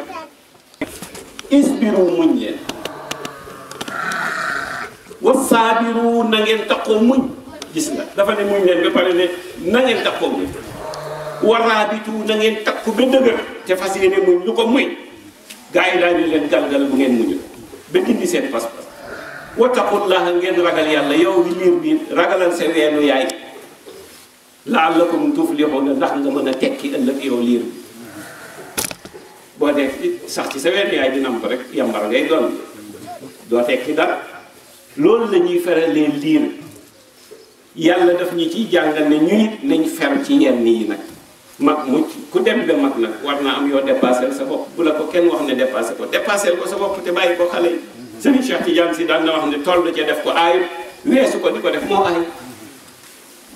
inspiré muñ leen wa saabiru na ngeen taxoo muñ gis nga dafa ne muñ leen ba pare ne na ngeen taxoo muñ wa raabitu na ngeen takku ba dëgër te fas yéene muñ lu ko muñ gaa yi daal di leen galgal bu ngeen muñul ba dindi seen pas-pas wa taqullaha ngeen ragal yàlla yow li liir bi ragalal sa weenu yaay la'allakum tuflihuna ndax nga mën a tekki ëllëg yow liir bi boo dee sax ci sa weenu yaay dina am ko rek yambar ngay doon doo tekki dara loolu la ñuy feralee liir yàlla daf ñu ciy jàngal ne ñu nit nañ fer ci yenn yi nag mag mu ku dem ba mag nag war naa am yoo dépassé sa bopp bu la ko kenn wax ne dépassé ko dépassé ko sa bopp te bàyyi ko xale yi sëriñ Cheikh Tidiane si daan na wax ne toll ca def ko aayut weesu ko di ko def moo aay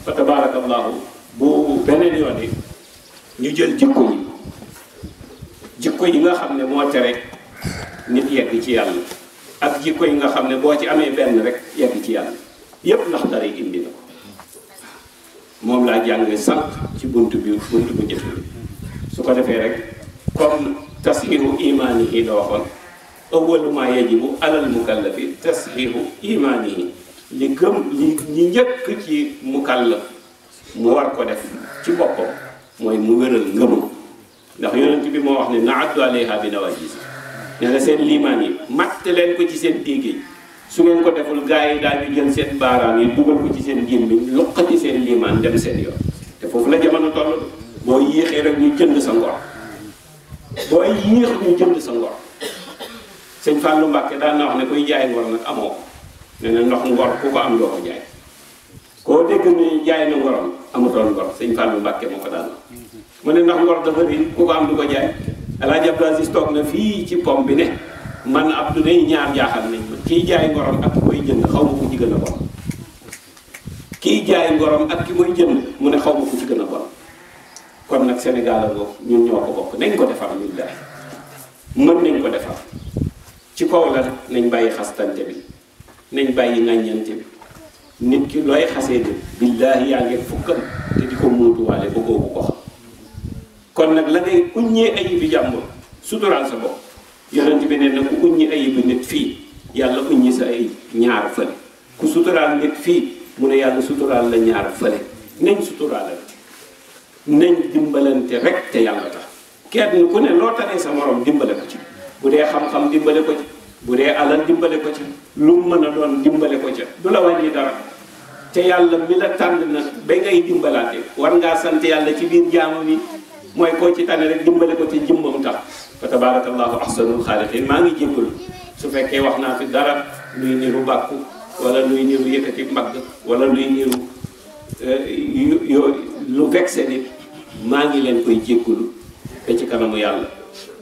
fa tabarakallahu bu beneen yoon yi ñu jël jikko yi jikko yi nga xam ne moo tere nit yegg ci yàlla ak jikko yi nga xam ne boo ci amee benn rek yegg ci yàlla yëpp ndax dara indi na ko moom laa jàng sant ci bunt bi buntu bu njëkk bi su ko defee rek comme tasxiru imaani yi la waxoon awwalu maa yajibu alal mukallafi tasxiru imaani yi li gëm li ñi njëkk ci mukallaf mu war ko def ci boppam mooy mu wéral ngëmam ndax yonent bi moo wax ne naatu alayha bi nawajis ne la seen liimaan yi matt leen ko ci seen déggéey su ngeen ko deful gars yi daañu jël seen baaraam yi dugal ko ci seen gémmiñ luqati seen liimaan dem seen yoon te foofu la jamono toll boo yéexee rek ñu jënd sa ngor boo yéex ñu jënd sa ngor sëñ Fallou Mbacke daan na wax ne kuy jaay ngor nag amoo ko ndox ngor ku ko am ko jaay koo dégg ni jaay na ngorom amutoon ngor sëñ Fallou Mbacke moo ko daan na mu ne ndax ngor dafa riin ku ko am du ko jaay Alaaji Abdou Aziz na fii ci pom bi ne man Abdou day ñaar jaaxal nañ ma kiy jaay ngorom ak ki koy jënd xaw ma ku ci gën a bon kiy jaay ngorom ak ki koy jënd mu ne xaw ma ku ci gën a bon kon nag Sénégal la ñun ñoo ko bokk nañ ko defar ñun mën nañ ko defar ci kaw la nañ bàyyi xastante bi nañ bàyyi ŋàññante bi nit ki looy xasee de billaahi yaa ngi fukkal te di ko muutuwaale bëggoo ko xam kon nag la ngay uññee ayibi jàmbur suturaal sa bopp yonent bi ne na ku uññi ayibi nit fii yàlla uññi sa ay ñaar fële ku suturaal nit fii mu ne yàlla suturaal la ñaar fële nañ suturaal nañ dimbalante rek te yàlla tax kenn ku ne loo tanee sa morom dimbale ko ci bu dee xam-xam dimbale ko ci bu dee alal dimbale ko ci lu mën a doon dimbale ko ca du la wàññi dara te yàlla mi la tànn na ba ngay war ngaa sant yàlla ci biir jaamu bi mooy koo ci tane rek dimbale ko ci jëmmam tax fa tabarakallahu ahsanul xaaliqin maa ngi jéggalu su fekkee wax naa fi dara luy niru bàkku wala luy niru yëkkati mbagg wala luy niru eh, yo lu vexé nit maa ngi leen koy jéggalu te ci kanamu yàlla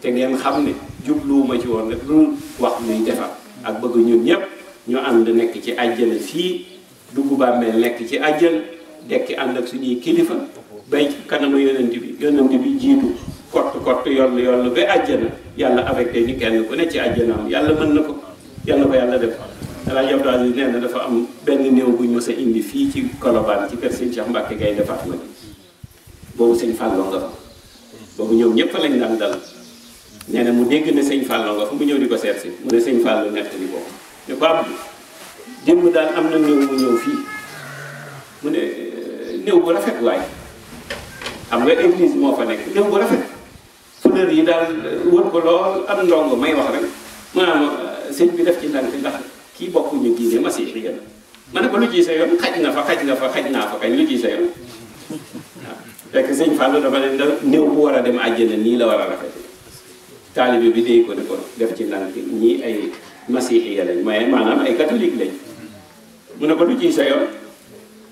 te ngeen xam ne jubluwuma ci woon rek lu wax luy defar ak bëgg ñun ñëpp ñu ànd nekk ci àjjana fii dugg bàmmeel nekk ci àjjana dekki ànd ak suñuy kilifa bay ci kanamu yonent bi yonent bi jiitu kott kott yoll yoll ba àjjana yàlla affecté ñu kenn ku ne ci àjjanaam yàlla mën na ko yàlla ko yàlla def alaa jab daal nee na dafa am benn néew buñ mës a indi fii ci Colobane ci kër sëñ Cheikh Mbacke Gaye boobu sëñ Fallou nga fa boobu ñoom ñëpp lañ daan dal nee na mu dégg ne sëñ Fallou nga fa mu ñëw di ko seet si mu ne sëñ Fallou nekk di boobu ne ko démb daal am na néew mu ñëw fii mu ne néew bu rafet waay xam nga église moo fa nekk ñëw bu rafet fleur yi daal euh, wër ko lool am ndongo may wax rek maanaam euh, sëñ bi def ci ndànk ndax kii bokkuñu diine masiix yi ma ne ko lu ciy sa yoon xaj na fa xaj na fa xaj naa fa kañ lu sëñ Fallou dafa ne da néew bu war a dem àjjana nii la war a rafet bi day ko def ci ndànk ñii ay masiix yi lañ maye maanaam ay catholique lañ mu ne ko lu ciy sa yoon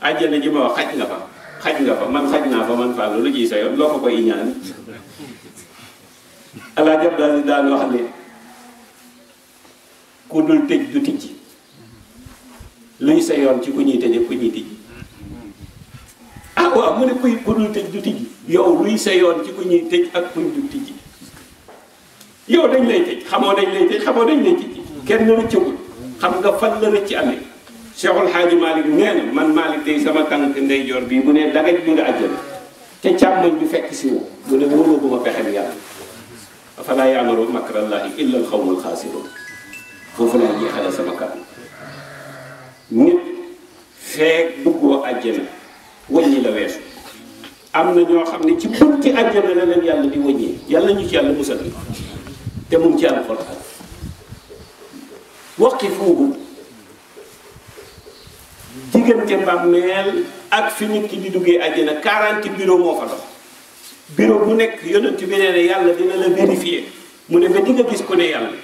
àjjana ji ma wax xaj na fa xaj nga fa man xaj naa fa man faa lu ciy sa yoon loo ko koy ñaan allah jab daal daan wax ne ku dul tëj du tijji luy sa yoon ci ku ñuy tëje ku ah, mu ne kuy ku dul tëj du tijji yow luy sa yoon ci ku ñuy tëj ak kuñ du tijji yow dañ lay tëj xamoo dañ lay tëj xamoo dañ lay tijji kenn xam nga fan la ci amee Cheikhul Xaaji Malick nee man Malick tey sama tànk ndeyjoor bii bu ne dangay dund àjjana te càmmoñ bi fekk si woo mu ma wóoraguma pexem yàlla afalaa yaamaru makrallahi illa al xawmul xaasiroon foofu laa jeexale sama kàddu nit feek duggoo àjjana wàññi la weesu am na ñoo xam ne ci bunti àjjana la leen yàlla di wàññee yàlla ñu ci yàlla musal te mu ngi ci alxuraan waqifuuhu diggante bàmmeel ak fi nit ki di duggee àjjana 40 bureau moo fa dox bureau bu nekk yonent bi nee na yàlla dina la vérifier mu ne ba di nga gis ku ne yàlla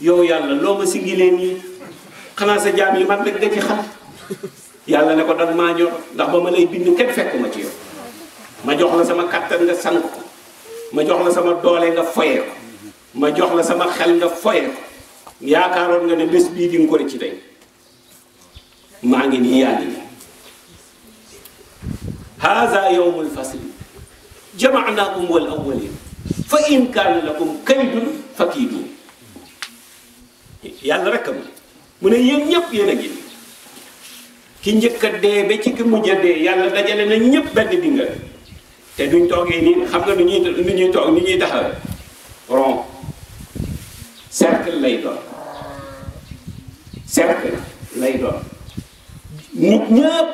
yow yàlla loo ma siggilee nii xanaa sa jaam yi man rek nga ci xam yàlla ne ko dag maa ndax ba ma lay bind kenn fekkuma ci yow ma jox la sama kattan nga sang ko ma jox la sama doole nga foye ko ma jox la sama xel nga foye ko yaakaaroon nga ne bés bii di nga ci tey maa ngi nii yaa ngi nii haza yawmul fasli jama'nakum wal awwalin fa in kaana lakum kaydun fakiidun yàlla rek a mu mu ne yéen ñëpp yéen a ngi ki njëkk a ci ki mujj a dee yàlla dajale na ñëpp benn dingal duñ toogee nii xam nga nu ñuy nu ñuy toog nu ñuy taxaw rond cercle lay doon cercle lay doon nit ñëpp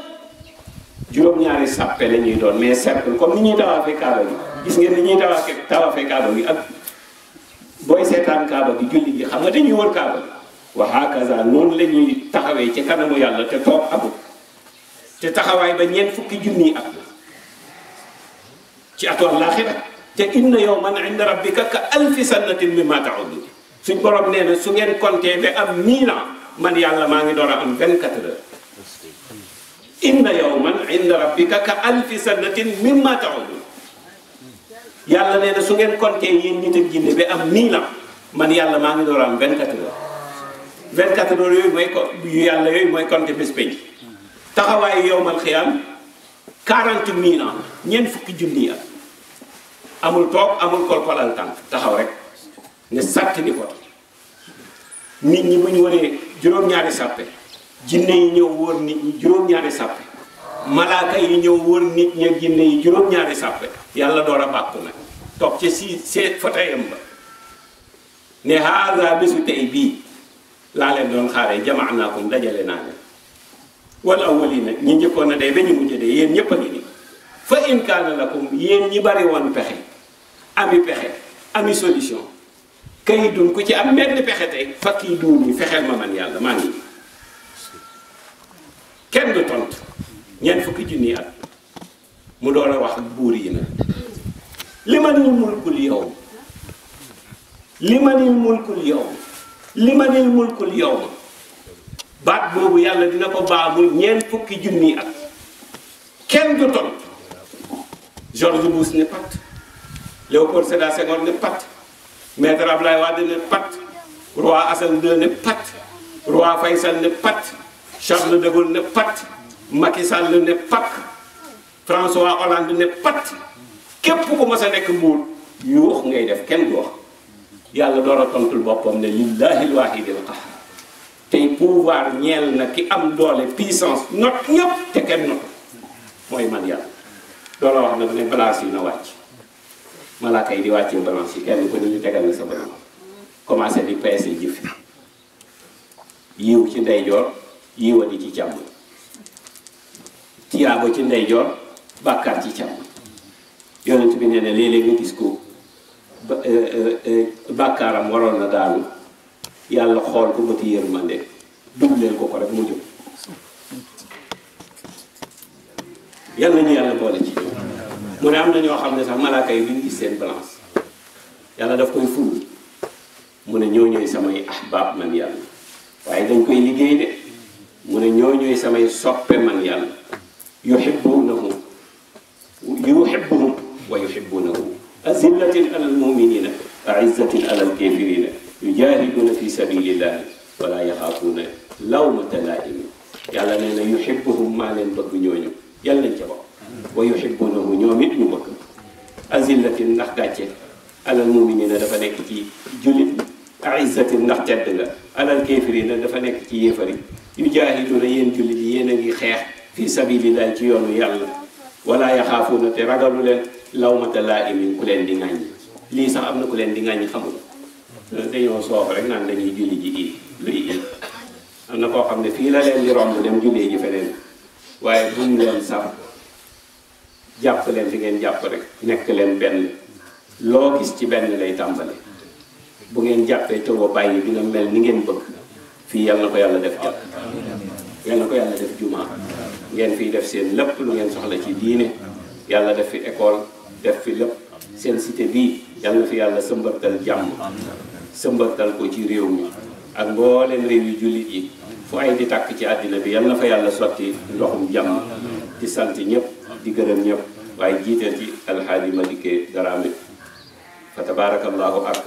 juróom-ñaari sàppe la ñuy doon mais cercle kon ni ñuy tawaafee kaaba gi gis ngeen ni ñuy tawaafee tawaafee kaaba gi ak booy seetaan kaaba gi julli gi xam nga dañuy wër kaaba gi wa hakaza noonu la ñuy taxawee ci kanamu yàlla te toog amul te taxawaay ba ñeent fukki junniy at la ci atu àllaaxira te inna yawman inda rabbika ka alfi sannatin mimma ta'uddun suñ borom nee na su ngeen compter ba am mille ans man yàlla maa ngi door a am vingt-quatre inna yawman inda rabbika ka alfi sanatin mimma ta'udun yàlla nee na su ngeen compter yéen nit ak jinne ba am mille man yàlla maa ngi door am 24 heures 24 heures yooyu mooy ko yàlla yooyu mooy compter bés pénc taxawaayu yowmal xiyaam 40 mille ans ñeent fukki junni at amul toog amul kolkolal tànk taxaw rek ne sàtt ni ko nit ñi bu ñu waree juróom-ñaari sàppe jinne yi ñëw wër nit ñi juróom-ñaari sàppe malaaka yi ñëw wër nit ñi ak jinne yi juróom-ñaari sàppe yàlla door a bàkku nag toog ci si seet fatayam ba ne haada bésu tey bii laa leen doon xaaree jamaa naa ko dajale naa leen wal awwalina ñi njëkkoon a dee ba ñu mujj dee yéen ñëpp a ngi nii fa in kaana lakum ñi bari woon pexe ami pexe ami solution kayit duñ ku ci am mel ni pexe tey fakki duuni fexeel ma man yàlla maa ngi. kenn du tontu ñeent fukki junni at mu door a wax ak buur yi nag limanil mulkul yawm limanil mulkul yawm limanil mulkul yawm baat boobu yàlla dina ko baamul ñeent fukki junni at kenn du tontu George Bush ne pat Léopold Sédar Senghor ne pat maître Abdoulaye Wade ne pat roi Hassan II ne pat roi Faysal ne pat Charles de Gaulle ne pat Macky Sall ne pat François Hollande ne pat képp ku mas a nekk mbuur yuux ngay def kenn du wax yàlla door a tontul boppam ne lillahi lwaahidil qahar tey pouvoir ñeel na ki am doole puissance not ñëpp te kenn not mooy man yàlla doola wax nag ne balance yi na wàcc malaaka yi di wàccee balance yi kenn ko ni ñu tegal na sa balance commencé di peese jëf yiw ci ndeyjoor yiwa di ci càmmoñ tiyaaba ci ndeyjoor bàkkaar ci càmmoñ yonent bi nee na léeg-léeg nga gis ko euh, euh, euh, bàkkaaram waroon na daan yàlla xool man de dugg leen ko ko rek mu jóg yàlla ñu yàlla boole ci mu ne am na ñoo xam ne sax malaaka yi duñ gis seen balance yàlla daf koy ful mu ne ñoo ñooy samay ahbaab man yàlla waaye dañ koy liggéey de mu ne ñoo ñooy samay soppe man yàlla yuhibbunahu yuhibbuhum wa yuhibbunahu azillatin alal muminina aizzatin alal kafirina yujahiduna fi sabilillahi wala yaxaafuuna lawmata laa'im yàlla nee na yuhibbuhum maa leen bëgg ñooñu yàlla nañ ca bokk wa yuhibbunahu ñoom it ñu bëgg azillatin ndax gàcce alal muminina dafa nekk ci jullit aizzatin ndax tedd nga alal kaafiriina dafa nekk ci yéefari yu jaahiduuna yéen jullit yi yéen a ngi xeex fii sabilillah ci yoonu yàlla wala na te ragalu leen lawmata laaimin ku leen di ŋàññi lii sax am na ku leen di ŋàññi xamul dañoo soof rek naan dañuy julli ji ii luy ii am na koo xam ne fii la leen di romb dem jullee ji feneen waaye buñ leen sax jàpp leen fi ngeen jàpp rek nekk leen benn loo gis ci benn lay tàmbali bu ngeen jàppee te woo bàyyi dina mel ni ngeen bëgg fii yal na ko yàlla def jàpp yal na ko yàlla jumaa ngeen fiy def seen lépp lu ngeen soxla ci diine yàlla def fi école def fi lépp seen site bii yal fi yàlla sëmbartal jàmm sëmbartal ko ci réew mi ak mbooleen réew yu jullit yi fu ay di takk ci àddina bi yal na fa yàlla sotti ndoxum jàmm di sant ñëpp di gërëm ñëpp waaye jiital ci alxaaji Madické Dramé fa tabaarakallaahu ak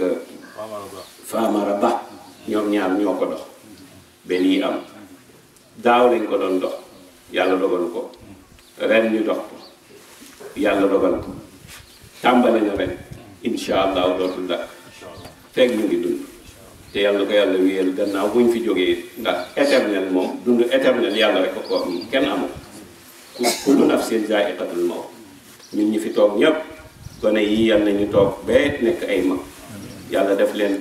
faamara ba ñoom ñaar ñoo ko dox ba lii am daaw lañ ko doon dox yàlla dogal ko ren ñu dox ko yàlla dogal ko tàmbali na ren insha allahu dootul dakk fekk ñu ngi dund te yàlla ko yàlla wéyal gannaaw buñ fi jógee ndax éternel moom dund éternel yàlla rek ko am kenn amul ku kullu nafsin zaa'iqatul mawt ñun ñu fi toog ñépp gone yi yal nañu toog ba nekk ay mag yàlla def leen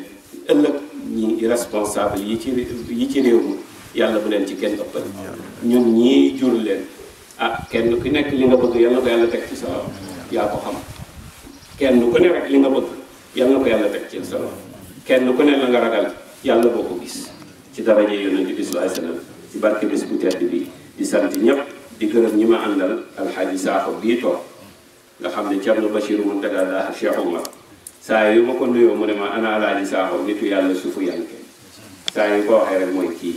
ëllëg ñi responsable yi ci yi ci réew mi yàlla bu leen ci kenn ëppal ñun ñii jur leen ah kenn ki nekk li nga bëgg yàlla ko yàlla teg ci sa loxo yaa ko xam kenn ku ne li nga bëgg yàlla ko yàlla teg ci sa kenn ku ne la nga ragal yàlla boo ko gis ci daraje yonent bi sallallahu alayhi wasallam ci barke bis bi di sant ñëpp di gërëm ñi ma àndal alxaaji Saaxo bii toog nga xam ne Thierno Bachir Mountaga Cheikh Oumar saa yu ma ko nuyoo mu ne ma ana alaaji saaxo nitu yàlla suufu yanke saa yu ko waxee rek mooy kii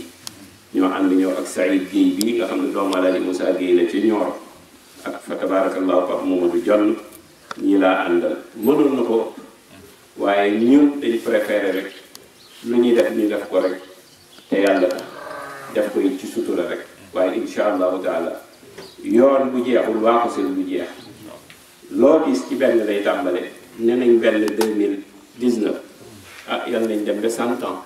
ñoo ànd ñëw ak Saïd Guèye bii nga xam ne doomu alaaji Moussa Guèye la ci ñoor ak fa tabaarakallahu Pape Mamadou Jonn ñii laa àndal mënoon na ko waaye ñun dañ préféré rek lu ñuy def ñu def ko rek te yàlla tax def ko it ci sutura rek waaye insha allahu taala yoon bu jeexul waaxu seen bu jeex loo gis ci benn lay tàmbale ne nañ benn de mille dix neuf ah yal nañ dem ba cent ans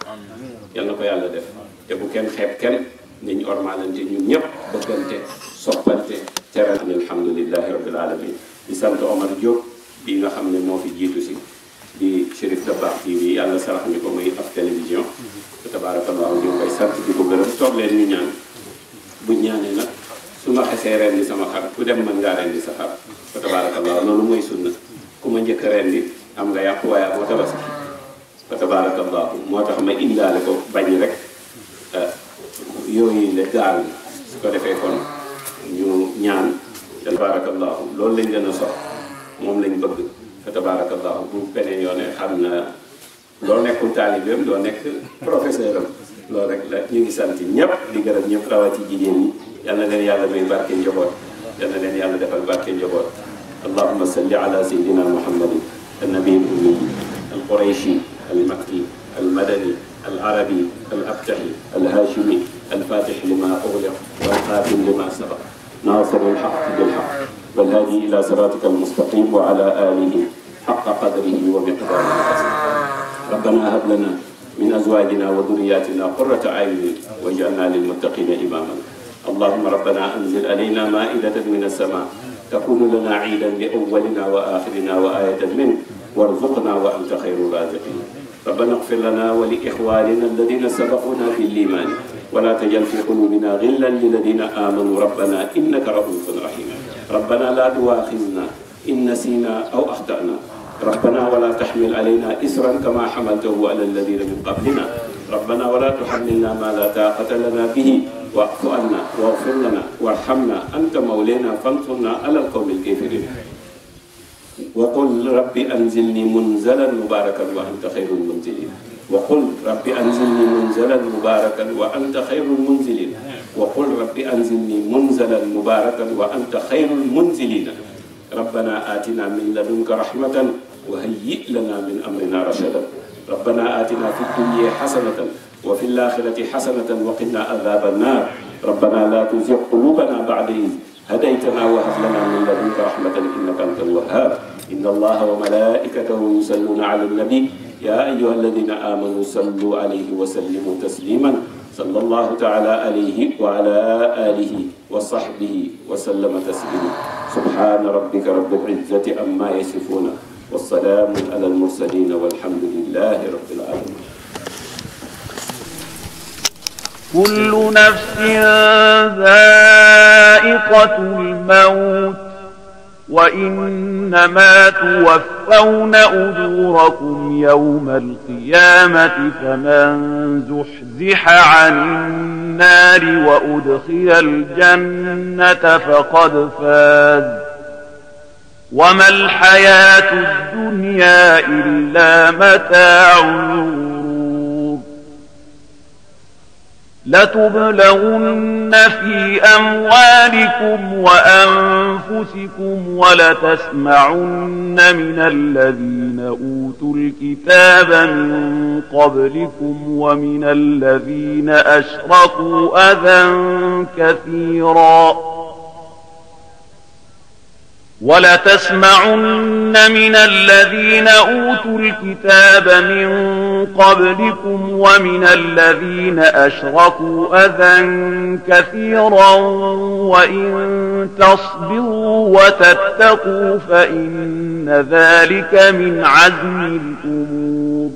yal na ko yàlla def te bu kenn xeeb kenn nañ ormalante ñun ñëpp bëggante soppante teral alhamdulilahi rabbil alamin di sant nga xam ne moo fi jiitu si di Chérif Dabakh TV yàlla sarax ñu ko muy ab télévision tabarakallahu ñu koy sant di ko gërëm toog leen ñu ñaan bu ñaanee nag su ma xesee rendi sama xar ku dem mën ngaa rendi sa xar fa tabarakallahu loolu mooy sunna ku ma njëkk bi am nga yàqu waaye amoo tabaski fa tabaarakallaahu moo tax ma indaale ko bañ rek eh, yooyu la gaal su ko defee kon ñu ñaan te tabaarakallaahu loolu lañ gën a sox moom lañ bëgg fa tabaarakallaahu bu beneen yoone xam na loo nekkul taalibeem loo nekk professeur am loolu rek la ñu ngi sant ñëpp di gërëm ñëpp rawati jigéen ñi yal leen yàlla may barke njaboot yal leen yàlla defal barke njoboot allahumma salli ala sayyidina muhammadin annabi al-ummi al-qurayshi al-makki al-madani al-arabi al-abtahi al-hashimi الفاتح لما أغلق والخاتم لما سبق ناصر الحق بالحق والهادي إلى صراطك المستقيم وعلى آله حق قدره ومقداره ربنا هب لنا من أزواجنا وذرياتنا قرة أعين واجعلنا للمتقين إماما اللهم ربنا أنزل علينا مائدة من السماء takunu lana iidan li awwalina wa aaxirina wa aayatan min warzuqna wa anta xayru raaziqiin rabbana ighfir lana wa li ixwaanina alladina sabaquna bil iimaan ولا تجعل في قلوبنا غلا للذين آمنوا ربنا إنك رؤوف رحيم ربنا لا تواخذنا إن نسينا أو أخطأنا ربنا ولا تحمل علينا إسرا كما حملته على الذين من قبلنا ربنا ولا تحملنا ما لا طاقة لنا به واعف عنا واغفر لنا وارحمنا أنت مولانا فانصرنا على القوم الكافرين وقل رب أنزلني منزلا مباركا وأنت خير المنزلين وقل رب أنزلني منزلا مباركا وأنت خير المنزلين وقل رب أنزلني منزلا مباركا وأنت خير المنزلين ربنا آتنا من لدنك رحمة وهيئ لنا من أمرنا رشدا rabbana atina fi dunya xasanatan wa fi laaxirati xasanatan wa qina adaba annaar rabbana la tuzig qulubana ba'da iz hadaytana wa hab lana min ladunka rahmatan innaka anta alwahhab inna allaha wa malaa'ikatahu yusalluna ala nabi ya ayyuha alladina amanu sallu alayhi wa sallimu tasliman salla allahu taala alayhi wa ala alihi wa sahbihi wa sallama taslima subhana rabbika rabbil izzati amma yasifuna wa salaamun ala al-mursaliin walhamdulillaahi rabbil aalamiin. kullu nafsin zaa'iqatul mawt wa innamaa tuwaffawna ujurakum yawmal qiyaamati faman zuhziha 'anin naari wa udkhila al-jannata faqad faaz وما الحياة الدنيا إلا متاع الغرور لتبلغن في أموالكم وأنفسكم ولتسمعن من الذين أوتوا الكتاب من قبلكم ومن الذين أشرقوا أذى كثيراً ولتسمعن من الذين أوتوا الكتاب من قبلكم ومن الذين أشركوا أذى كثيرا وإن تصبروا وتتقوا فإن ذلك من عزم الأمور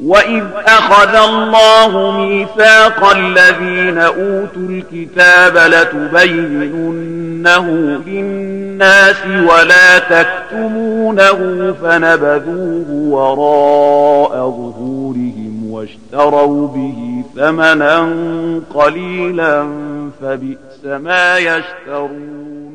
وإذ أخذ الله ميثاق الذين أوتوا الكتاب لتبيننه للناس ولا تكتمونه فنبذوه وراء ظهورهم واشتروا به ثمنا قليلا فبئس ما يشترون